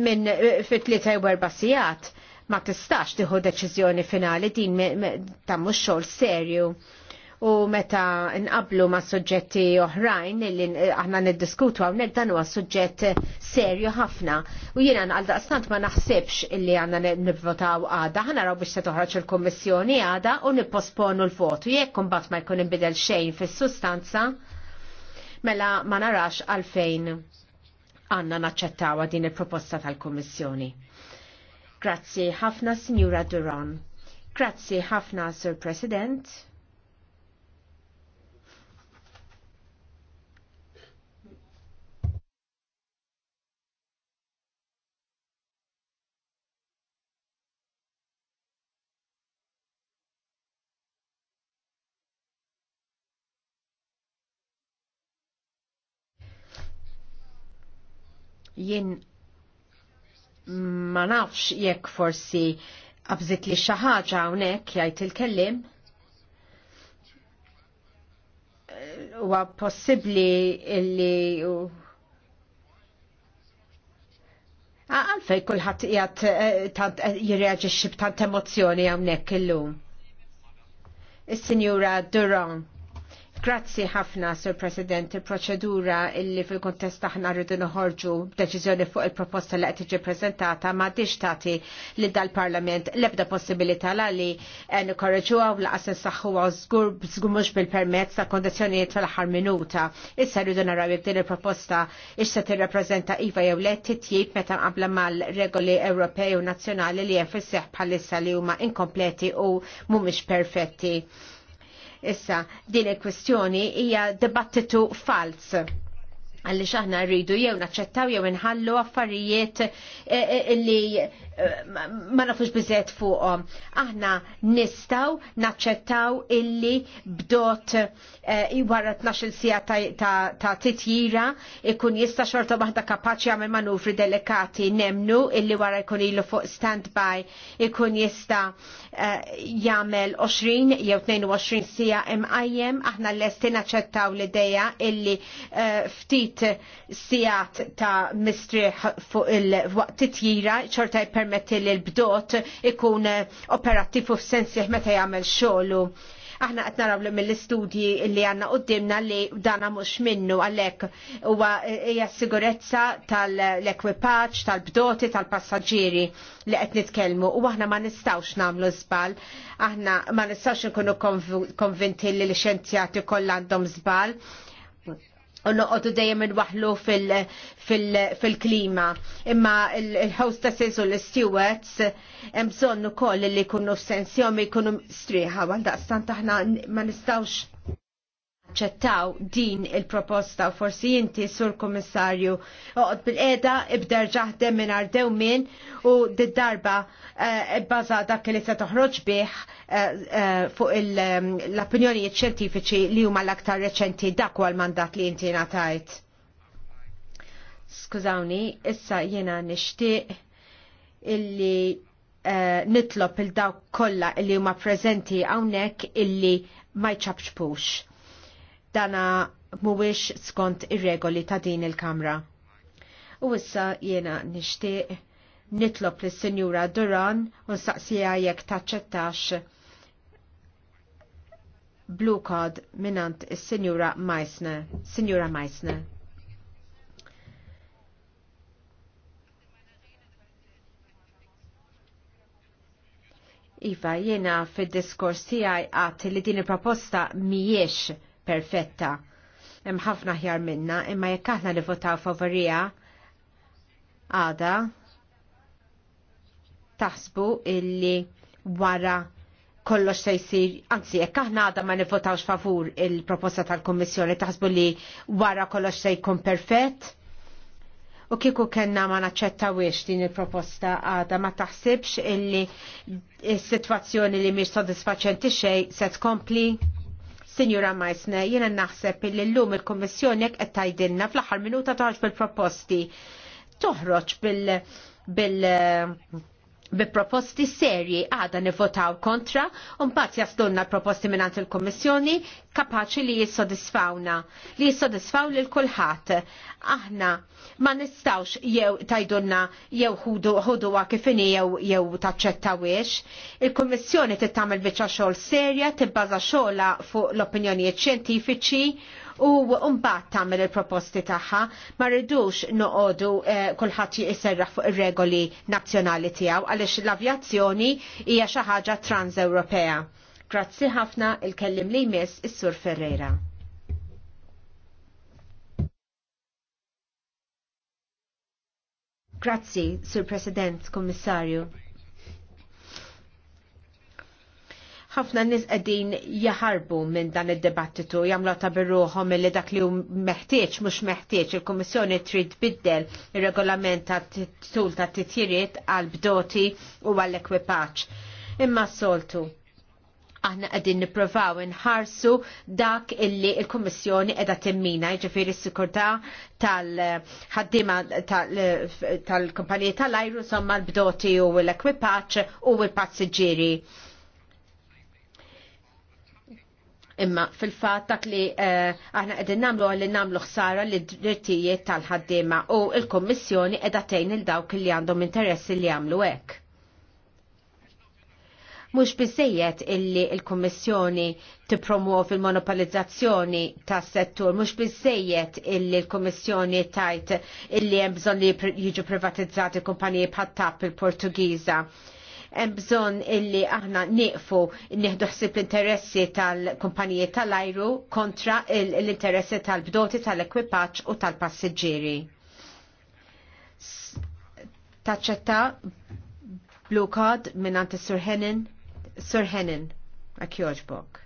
minn fit-tlieta u erba' sigħat ma tistax tieħu deċiżjoni finali din ta' mhux xogħol serju u meta nqablu ma' suġġetti oħrajn li aħna niddiskutu hawnhekk dan huwa suġġett serju ħafna. U jiena għaldaqstant ma naħsibx illi għandna nivvotaw għada, ħana raw biex se toħroġ il-Kummissjoni għada u nipposponu l-votu jekk imbagħad ma jkun imbidel xejn fis-sustanza mela ma narax għalfejn għandna naċċettaw din il-proposta tal-Kummissjoni. Grazzi ħafna, Signora Duran. Grazzi ħafna, Sir President. Jien ma nafx jekk forsi abżit li xaħġa ħaġa hawnhekk jgħid il-kellim. Huwa possibbli illi Għalfej kullħat jgħat eh, eh, jirreġi b'tant emozjoni għamnek illum. Is-Sinjura Durant. Grazzi ħafna, Sir President, il-proċedura illi fil-kontest aħna rridu noħorġu b'deċiżjoni fuq il-proposta li qed tiġi ma diġ li dal-Parlament l-ebda possibilità la li għaw la għasin saħħu għaw mhux bil-permezz ta' kondizzjonijiet tal aħħar minuta. Issa rridu naraw jekk din il-proposta ix se tirrappreżenta iva jew le titjib meta qabla mal-regoli Ewropej u nazzjonali li hemm fis-seħħ bħalissa li huma inkompleti u mhumiex perfetti Issa, din il-kwestjoni hija dibattitu fals għalli xaħna rridu jew naċċettaw jew nħallu affarijiet eh, eh, li eh, ma nafux bizet fuqhom. Aħna nistaw naċċettaw illi bdot wara 12 sija ta' titjira ikun jista xorta waħda kapaċi għamil manuvri delikati nemnu illi wara jkun ilu fuq standby ikun jista jagħmel 20 jew 22 sija imqajjem aħna l-esti naċċettaw l-ideja illi ftit ftit sijat ta' mistri fuq il-waqt titjira, ċorta jpermetti li l-bdot ikun operattiv u f-sensiħ meta jgħamil xogħlu. Aħna qed naraw li mill-istudji li għandna qudiemna li dana mhux minnu għalhekk huwa hija sigurezza tal-ekwipaġġ, tal-bdoti, tal-passaġġieri li qed nitkellmu u aħna ma nistgħux nagħmlu żball. Aħna ma nistgħux nkunu konvinti li l-xjenzjati kollha għandhom żball u noqogħdu dejjem inwaħlu fil-klima. Imma il-hostesses u l-stewards hemm bżonn ukoll li jkunu f'sensjom jkunu striħa għal daqstant aħna ma nistgħux ċettaw din il-proposta u forsi inti sur komissarju oqgħod bil eda ibderġaħ demmin minn ardew min u d-darba eh, bbaża dak li se toħroġ bih eh, eh, fuq mm, l-opinjonijiet xjentifiċi li huma l-aktar reċenti dak għal l-mandat li inti natajt. skużawni, issa jena nishtiq illi nitlob il-daw kolla illi huma prezenti hawnhekk illi ma jċabxpux. Dana mhuwiex skont ir-regoli ta' din il-Kamra. U issa jiena nixtieq nitlob lis sinjura Duran u nsaqsija jekk taċċettax Blue Card minant is-Sinjura Meissner. Sinjura Meissner. Iva, jiena fid diskors tiegħi għati li din il-proposta mhijiex perfetta. Hemm ħafna ħjar minna, imma jekk aħna li votaw favorija għada taħsbu illi wara kollox se jsir, anzi, jekk aħna għada ma nivvotawx favur il-proposta tal-Kommissjoni, taħsbu li wara kollox se jkun perfett? u kiku kena ma naċċettawiex din il-proposta għada ma taħsibx illi s-situazzjoni li mhix sodisfaċenti xej se tkompli? Sinjura Majsne, jiena naħseb l llum il-Kommissjoni jekk qed tgħidilna fl-aħħar minuta toħroġ bil-proposti. Toħroġ bil-, bil bi proposti serji għada nivotaw kontra un bat jasdunna proposti minnant il-Kommissjoni kapaċi li jissodisfawna, li jissodisfaw li l-kulħat. Aħna ma nistawx jew tajdunna jew hudu huduwa kifini jew taċċetta taċċettawiex. Il-Kommissjoni tittamil bieċa xogħol serja, tibbaża xola fuq l-opinjonijiet xjentifiċi u mbagħad tagħmel il-proposti tagħha ma rridux noqogħdu eh, kulħadd jiserraħ fuq ir-regoli nazzjonali tiegħu għaliex l-avjazzjoni hija xi ħaġa transewropea. Grazzi ħafna il-kellim li jmiss is-Sur Ferreira. Grazzi, Sur President, Kommissarju. ħafna nis qegħdin jaħarbu minn dan id-dibattitu jagħmlu ta' birruhom li dak li hu meħtieġ mhux meħtieġ il-Kummissjoni trid tbiddel ir-regolament ta' tul ta' titjiriet għal bdoti u għall ekwipaġġ Imma soltu aħna qegħdin nippruvaw inħarsu dak illi l-Kummissjoni qiegħda timmina, jiġifieri s-sikurtà tal-ħaddiema tal-kumpaniji tal-ajru somma l-bdoti u l-ekwipaġġ u l-passiġġieri. Imma fil-fat dak li eh, aħna qegħdin nagħmlu li nagħmlu ħsara li drittijiet tal-ħaddiema u l-Kummissjoni qiegħda tgħin il dawk li għandhom interessi li jagħmlu hekk. Mhux biżejjed illi l-Kummissjoni tippromuov il-monopolizzazzjoni tas-settur, mhux biżejjed illi l-Kummissjoni tajt illi hemm bżonn li jiġu privatizzati kumpaniji bħat-tap il-Portugiża hemm bżonn illi aħna nieqfu nieħdu ħsieb l-interessi tal-kumpaniji tal-ajru kontra l-interessi tal-bdoti tal-ekwipaġġ u tal-passiġġieri. Taċċetta blue card minn Sur Henin, Sur Henin, għak jogħġbok.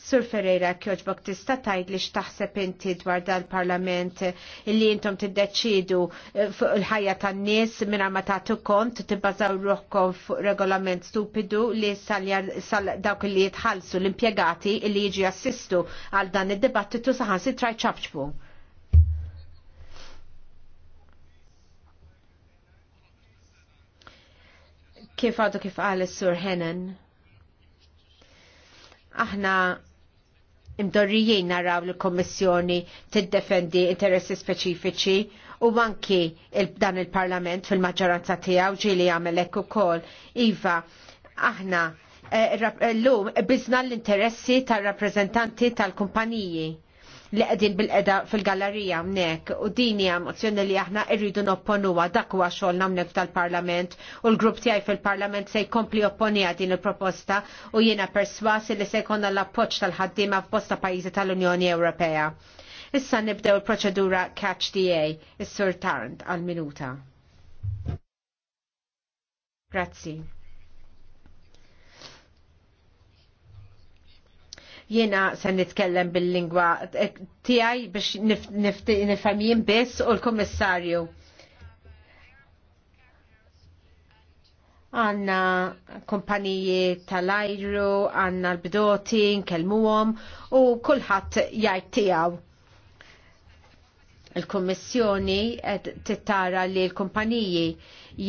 Sur Ferreira kjoġbok tista tajt li xtaħseb inti dwar dal-parlament illi intom deċidu eh, fuq il-ħajja tan nies minna ma tagħtu kont tibbażaw ruħkom fuq regolament stupidu li sal dawk li jitħallsu l-impjegati illi jiġi assistu għal dan id-dibattitu si traj ċabċbu. Kif għadu kif għal sur Henan? Aħna imdorrijin naraw li kommissjoni tiddefendi interessi speċifiċi u manki il dan il-parlament fil-maġġoranza tiegħu ġieli għamel hekk ukoll. Iva, aħna eh, eh, l-lum bizna l-interessi tal-rappreżentanti tal-kumpaniji li qegħdin bil-qeda fil-gallerija hawnhekk u din hija mozzjoni li aħna rridu nopponuha dak huwa xogħol hawnhekk tal-Parlament u l-grupp tiegħi fil-Parlament se jkompli opponija din il-proposta u jiena perswas li se jkollna l-appoġġ tal-ħaddiema f'bosta pajjiżi tal-Unjoni Ewropea. Issa nibdew il-proċedura Catch DA, is-Sur Tarrant għal-minuta. Grazzi. Jiena se nitkellem bil-lingwa eh, tiegħi biex nifhem jien biss u l-Kummissarju. Għanna kumpaniji tal-ajru, għanna l-bidoti, nkelmuhom u kulħadd jgħid tiegħu il-Kommissjoni tittara li l-kumpaniji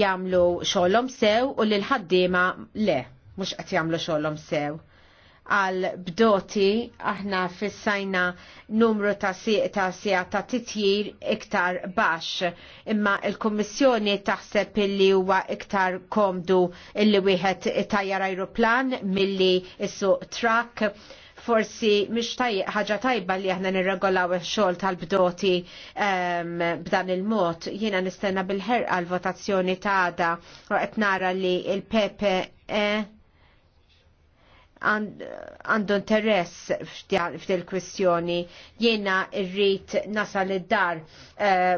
jagħmlu xogħolhom sew u li l le, mhux qed jagħmlu xogħolhom sew għal bdoti aħna fissajna numru ta' sieq ta' sieq ta' titjir iktar baxx imma il-Kommissjoni taħseb illi huwa iktar komdu illi wieħed tajjar ajruplan milli issu trak forsi mish tajjeb ħaġa tajba li aħna nirregolaw ix-xogħol tal-bdoti ehm, b'dan il-mod. Jiena nistenna bil-ħerqa l-votazzjoni ta' għada u qed nara li il-PPE għandu interess f'dil kwistjoni jiena rrit nasal id-dar uh,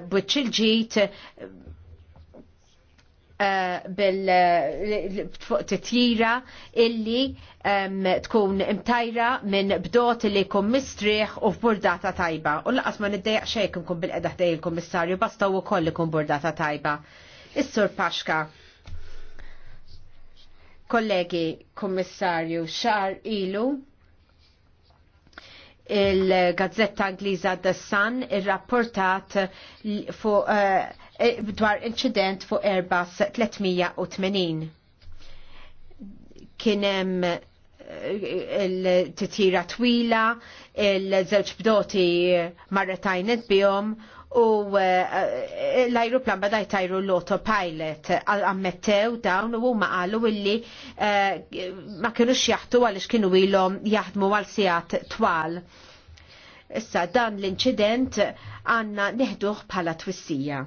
bil uh, bil-titjira illi tkun imtajra minn bdot li jkun mistrieħ u f'burdata tajba. U laqas ma niddejaq xejn kum bil-qeda il-kummissarju basta u koll ikun burdata tajba. Is-sur Paxka Kollegi, Kommissarju, xar ilu il-gazzetta Angliża The Sun irrapportat fuq uh, eh, eh, dwar incident fuq Airbus 380. Kienem eh, il-titira twila, il-żewġ bdoti marretajnet bihom u eh, eh, l-ajruplan bada jtajru l-autopilot għammettew dawn u eh, ma għallu illi ma kienu jaħtu għalix kienu ilhom jaħdmu għal sijat twal. Issa dan l-inċident għanna neħduħ bħala twissija.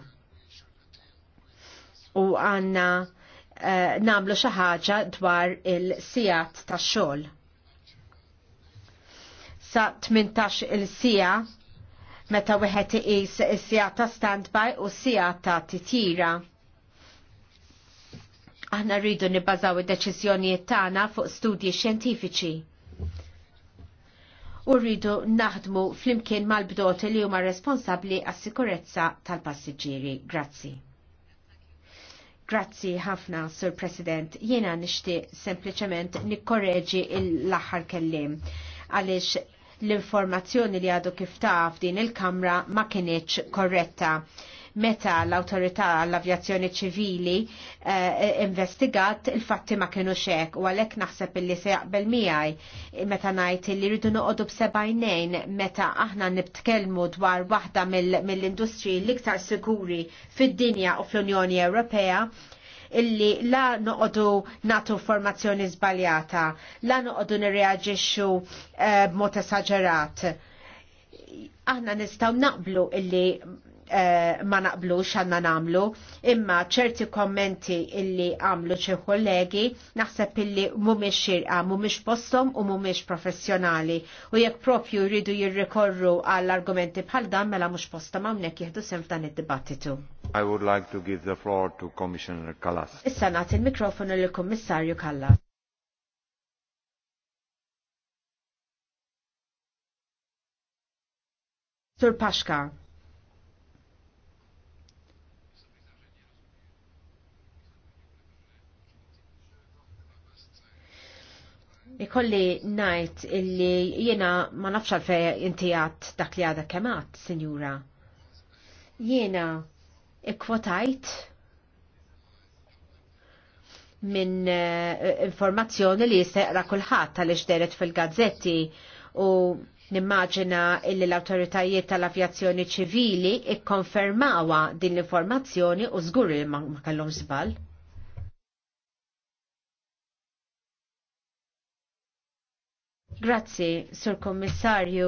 U għanna namlu xaħġa dwar il-sijat ta' xol. Sa 18 il-sija meta wieħed iqis is ta' standby u ta' titjira. Aħna rridu nibbażaw id-deċiżjonijiet tagħna fuq studji xjentifiċi. U rridu naħdmu flimkien mal-bdoti li huma responsabbli għas-sikurezza tal-passiġġieri. Grazzi. Grazzi ħafna, Sur President. Jiena nixtieq sempliċement nikkorreġi l-aħħar kellim għaliex l-informazzjoni li għadu kif taf din il-kamra ma kienieċ korretta meta l-autorità l-avjazzjoni ċivili eh, investigat il-fatti ma kienu xek u għalek naħseb illi se jaqbel miegħi meta ngħid li rridu noqogħdu b'sebajnejn meta aħna nibtkellmu dwar waħda mill-industriji mill l-iktar siguri fid-dinja u fl-Unjoni Ewropea illi la noqodu natu formazzjoni zbaljata, la noqodu nirreagġixxu eh, b'mod esaġerat. Aħna nistgħu naqblu illi Eh, ma naqblux xanna namlu, imma ċerti kommenti illi għamlu ċi kollegi naħseb illi mumiex xirqa, mumiex postom u mumiex professjonali u jekk propju jridu jirrikorru għall-argumenti bħal dan mela mux postom għamnek jihdu sem f'dan id-dibattitu. I would like to give the floor to Commissioner Kallas. Issa nagħti il-mikrofonu lill-Kummissarju Kallas. Sur Pashka. Ikolli najt illi jiena ma nafx fe inti għat dak li għada kemat, sinjura. Jiena ikkwotajt minn eh, informazzjoni li jisteqra kullħat tal-ix deret fil-gazzetti u nimmaġina illi l-autoritajiet tal-avjazzjoni ċivili ikkonfermawa din l-informazzjoni u zgur li ma kellhom żball. Grazzi, Sur Kommissarju.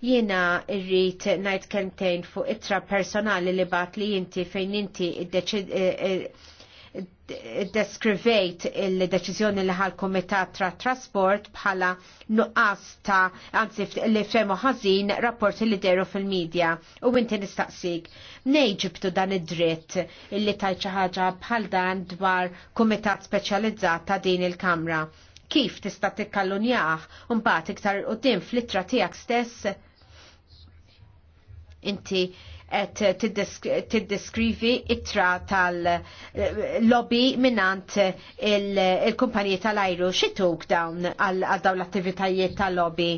Jiena irrit najt kemtejn fuq itra personali li bat li jinti fejn inti eh, eh, deskrivejt il-deċizjoni li ħal komitat tra trasport bħala nuqqas ta' anzi li fremu ħażin rapporti li deru fil-medja u inti nistaqsik. Nejġibtu dan id-dritt illi tajċaħġa ħaġa bħal dan dwar komitat speċjalizzat ta' din il-kamra kif tista' tikkallunjah u mbagħad iktar u fl-ittra tiegħek stess inti qed tiddeskrivi ittra tal-lobby eh, minant il-kumpaniji tal-ajru xituk dawn għal dawn l-attivitajiet tal-lobby.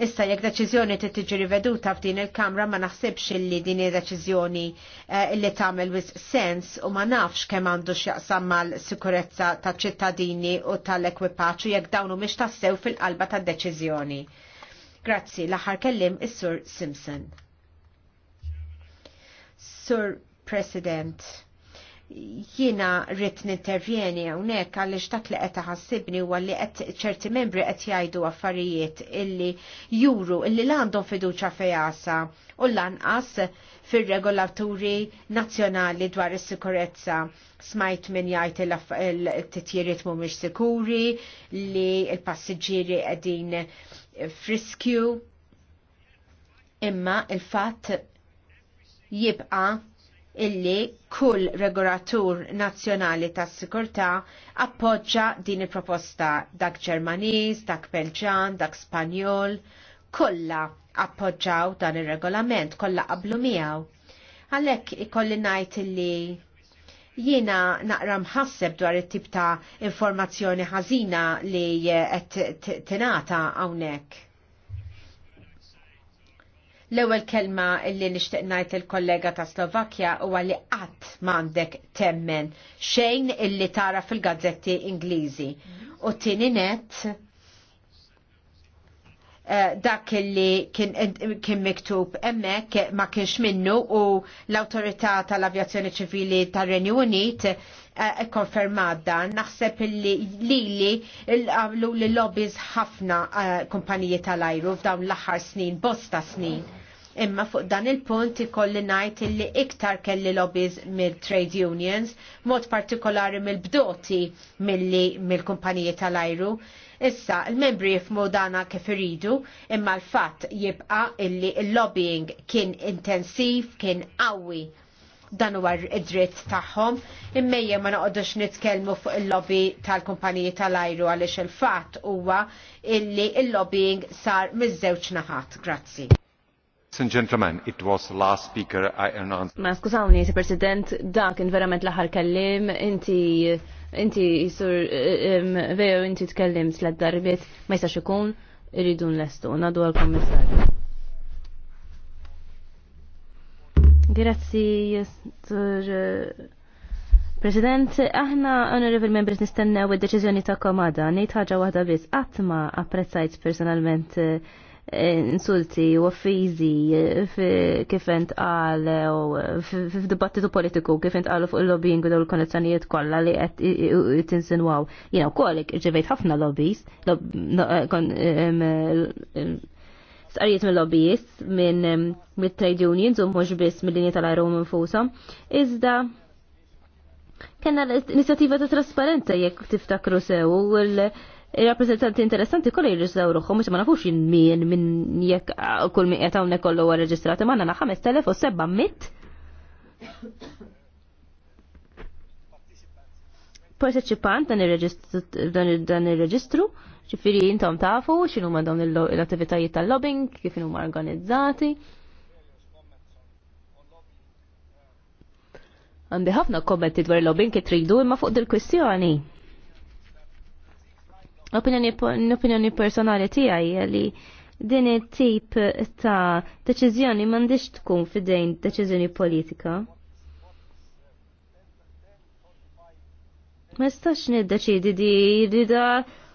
Issa jekk deċiżjoni trid tiġi riveduta f'din il-Kamra ma naħsibx li din id-deċiżjoni eh, li tagħmel wis sens u ma nafx kemm għandu x'jaqsam mal-sikurezza taċ-ċittadini u tal-ekwipaġġ u jekk dawn mhumiex tassew fil-qalba tad-deċiżjoni. Grazzi, l-aħħar kellim is-Sur Simpson. Sur President jina rrit nintervjeni hawnhekk għaliex dak li qed ħassibni huwa li għet ċerti membri qed jgħidu affarijiet illi juru illi l-għandhom fiduċa fejasa u lanqas fir-regolaturi nazzjonali dwar is-sikurezza. Smajt min jgħid il-titjiriet mhumiex sikuri li l-passiġġieri qegħdin friskju imma il-fatt jibqa' illi kull regolatur nazzjonali tas sikurta appoġġa din il-proposta dak Ġermaniż, dak Belġan, dak Spanjol, kollha appoġġaw dan ir-regolament, kollha qablu miegħu. Għalhekk ikolli ngħid illi jiena naqra mħasseb dwar it-tip ta' informazzjoni ħażina li qed tingħata hawnhekk. L-ewwel kelma li nixtieq ngħid il-kollega ta' Slovakkja huwa li qatt m'għandek temmen xejn illi tara fil-gazzetti Ingliżi. U tieni net eh, dak li kien miktub emmek ma kienx minnu u l-autorità tal-avjazzjoni ċivili tar-Renju Unit eh, konfermat dan, naħseb li li l-lobbies ħafna eh, kumpaniji tal-ajru f'dawn l-aħħar snin, bosta snin. Imma fuq dan il-punt ikolli ngħid illi iktar kelli lobbies mill-trade unions, mod partikolari mill-bdoti milli mill-kumpaniji tal-ajru. Issa, il-membri jifmu dana kif iridu, imma l-fatt jibqa illi il-lobbying kien intensiv, kien qawwi dan huwa id-dritt tagħhom, immejja ma noqgħodux nitkellmu fuq il-lobby tal-kumpaniji tal-ajru għaliex il-fatt huwa illi il-lobbying sar miż-żewġ naħat. Grazzi. Ma skużawni, si President, dak in verament l-aħħar kellim, inti inti sur vejo inti tkellim l darbiet ma jistax ikun irridu lestu, nadu għal kommissarju. Grazzi, Sur eh, President, aħna Honorable Members nistennew id-deċiżjoni ta' komada, ngħid ħaġa waħda biss, qatt ma apprezzajt personalment uh, insulti u affizi eh, kif ent għal eh, f'dibattitu politiku kif ent għal fuq il-lobbying u daw il-konnezzjonijiet kollha li qed Jina, Jiena wkoll ġivejt ħafna lobbies, eh, sqarijiet mill-lobbyist minn trade unions u mhux biss mill-linja tal minn fusom, Iżda kena l-inizjattiva ta' trasparenza jekk tiftakru sew u l- il-rappresentanti interessanti kolli jirriżdaw ruħu, mux ma nafux min minn jekk kull min jgħet nekollu kollu għu reġistrati, ma għanna 5700 parteċipant dan il-reġistru, ċifiri jintom tafu, xinu ma dawn l-attivitajiet tal-lobbying, kif huma organizzati. Għandi ħafna kommenti dwar il lobbying kitridu imma fuq dil-kwistjoni. Opinjoni personali tiegħi li din it-tip ta' deċiżjoni m'għandix tkun fidejn deċiżjoni politika. Ma jistax niddeċidi di rida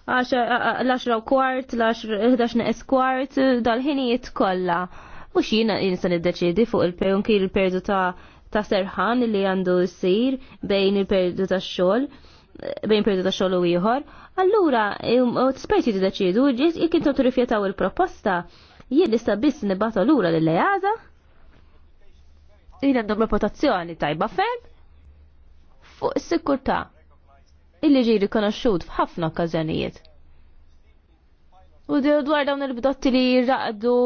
l-10 kwart, l-11 kwart, dal-ħinijiet kollha. jina jinsan id-deċidi fuq il-perunki il-perdu ta' ta' serħan li għandu s-sir bejn il-perdu ta' xol, bejn perdu ta' xol u ieħor, Allura, um, t-spajti t-deċidu, ġiet intom t-rifjetaw il-proposta, jien nista biss nibata l-ura l-lejaza? Jien għandhom reputazzjoni tajba ferm? Fuq s-sikurta, illi ġi rikonoxxut f'ħafna okkażjonijiet. U dwar dawn il bdotti li jirraqdu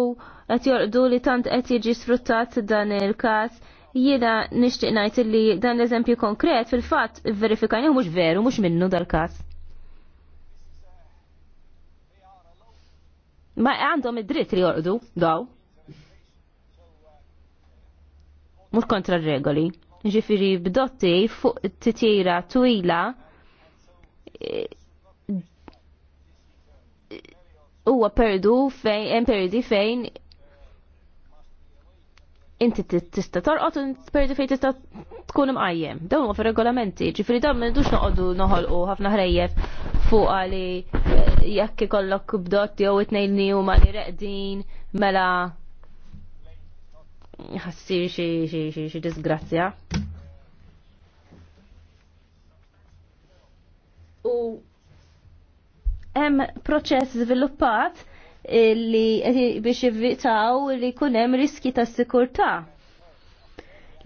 qed jorqdu li tant qed jiġi sfruttat dan il-każ, jiena nixtieq ngħid li dan l-eżempju konkret fil-fatt verifikajni mhux veru mhux minnu dal-każ. Ma għandhom id-dritt li jorqdu, daw. Mux kontra regoli. Ġifiri b'dotti fuq titjira twila eh, huwa perdu fejn hemm perdi fejn inti tista torqod u perdi fejn tista tkun imqajjem. Dawn huwa fir-regolamenti, ġifieri dawn m'għandux noqogħdu noħolqu ħafna ħrejjef fuq għali eh, jekk ikollok kubdot jew it huma li reqdin mela ħassir xi xi xi xi disgrazzja. U hemm proċess żviluppat li biex jivvitaw li jkun hemm riski ta' sikurtà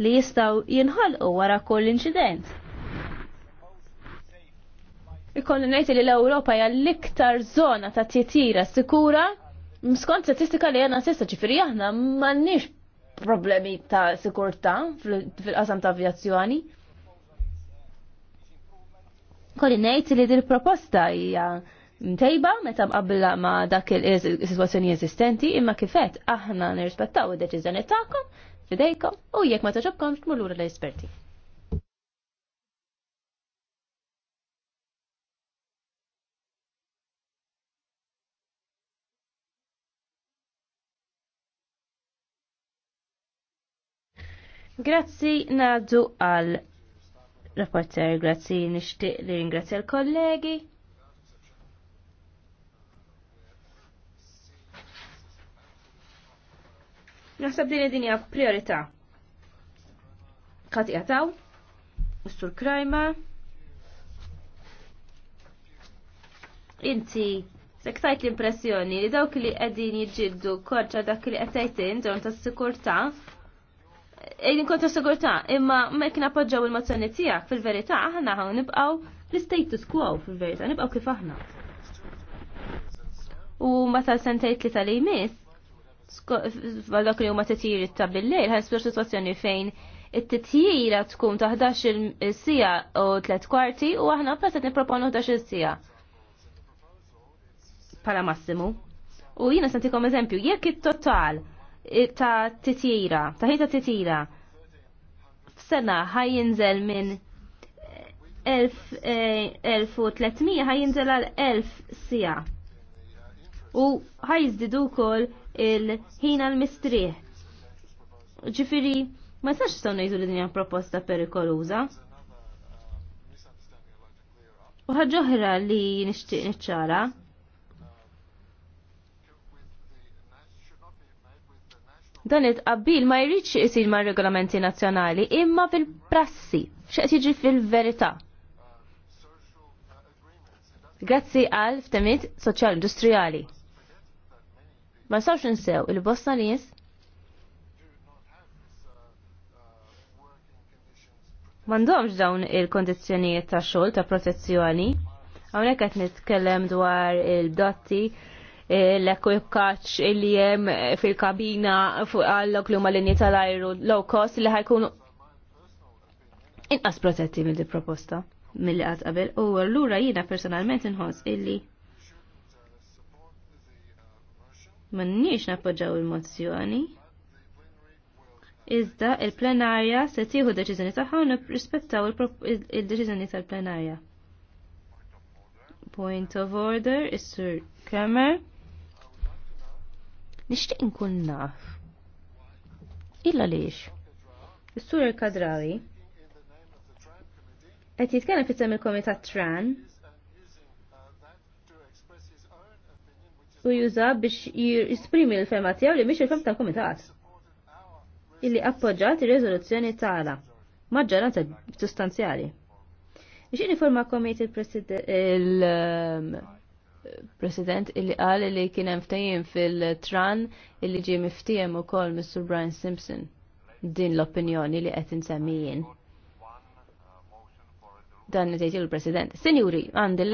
li jistgħu jinħalqu wara kull inċident Ikkolli ngħid li l-Ewropa hija l-iktar żona ta' titira sikura skont statistika li għandna sissa ġifieri aħna m'għandniex problemi ta' sikurtà fil-qasam ta' avjazzjoni. Kolli ngħid li din proposta hija mtejba meta mqabbla ma' dak il-sitwazzjoni eżistenti imma kifet aħna nirrispettaw id-deċiżjoni tagħkom fidejkom u jekk ma taġobkomx tmur lura l-esperti. Grazzi nadu għal rapporter, grazzi nishtiq li ringrazzja l-kollegi. Naħseb din dinja priorità. Kati għataw, Ustur Krajma, inti sektajt l-impressjoni li dawk li għedin jġiddu korċa dak li għetajt inti ta' sikurta ejn kontra sigurtà, imma mek napoġġaw il-mozzjoni tiegħek fil-verità aħna hawn nibqgħu l-status quo fil-verità, nibqgħu kif aħna. U meta sentejt li tal jmiss, dak li huma titjir ta' bil-lejl, ħan sitwazzjoni fejn it-titjira tkun ta' 11 sija u 3 kwarti u aħna nipproponu niproponu 11 sija. Pala massimu. U jina sentikom eżempju, jekk it-total ta' titjira, ta' ħin ta' titjira. F'sena ħaj jinżel minn 1300 eh, eh, ħaj jinżel għal 1000 sija. U ħaj jizdidu kol il-ħin għal mistriħ Ġifiri, ma sax sonna jizdu l dinja proposta perikoluża. U ħaġa oħra li nixtieq niċċara Dan it-qabbil ma jridx isir ma' regolamenti nazzjonali imma fil-prassi, x'qed jiġri fil-verità. Grazzi għal ftemit soċjal industrijali. Ma sawx nsew il-bosta nies Mandomx dawn il-kondizjonijiet ta' xogħol ta' protezzjoni. Hawnhekk qed nitkellem dwar il-dotti l-ekwipaċ li jem fil-kabina għallok l-umma l-inni tal-ajru low cost li ħajkun inqas protetti mill proposta mill-li għad qabel u l-lura jina personalment nħoss illi mannix nappoġġaw il-mozzjoni iżda il-plenarja se tieħu deċiżjoni tagħha u nirrispettaw il-deċiżjoni tal-plenarja. Point of order, is sir Kramer nishtiq nkun naf. Illa lix. Is-sur il-kadrawi qed jitkellem fit-sem il-Komitat Tran u juża biex jisprimi l-fema tiegħu li mhix il-fem tal komitat Illi appoġġat ir-riżoluzzjoni tagħna maġġoranza sostanzjali. Ixini forma komit il-President President illi qal illi kien hemm ftehim fil-tran illi ġie miftiem ukoll Mr. Brian Simpson din l-opinjoni li qed insemmijin. Dan li il-President. Sinjuri, għandi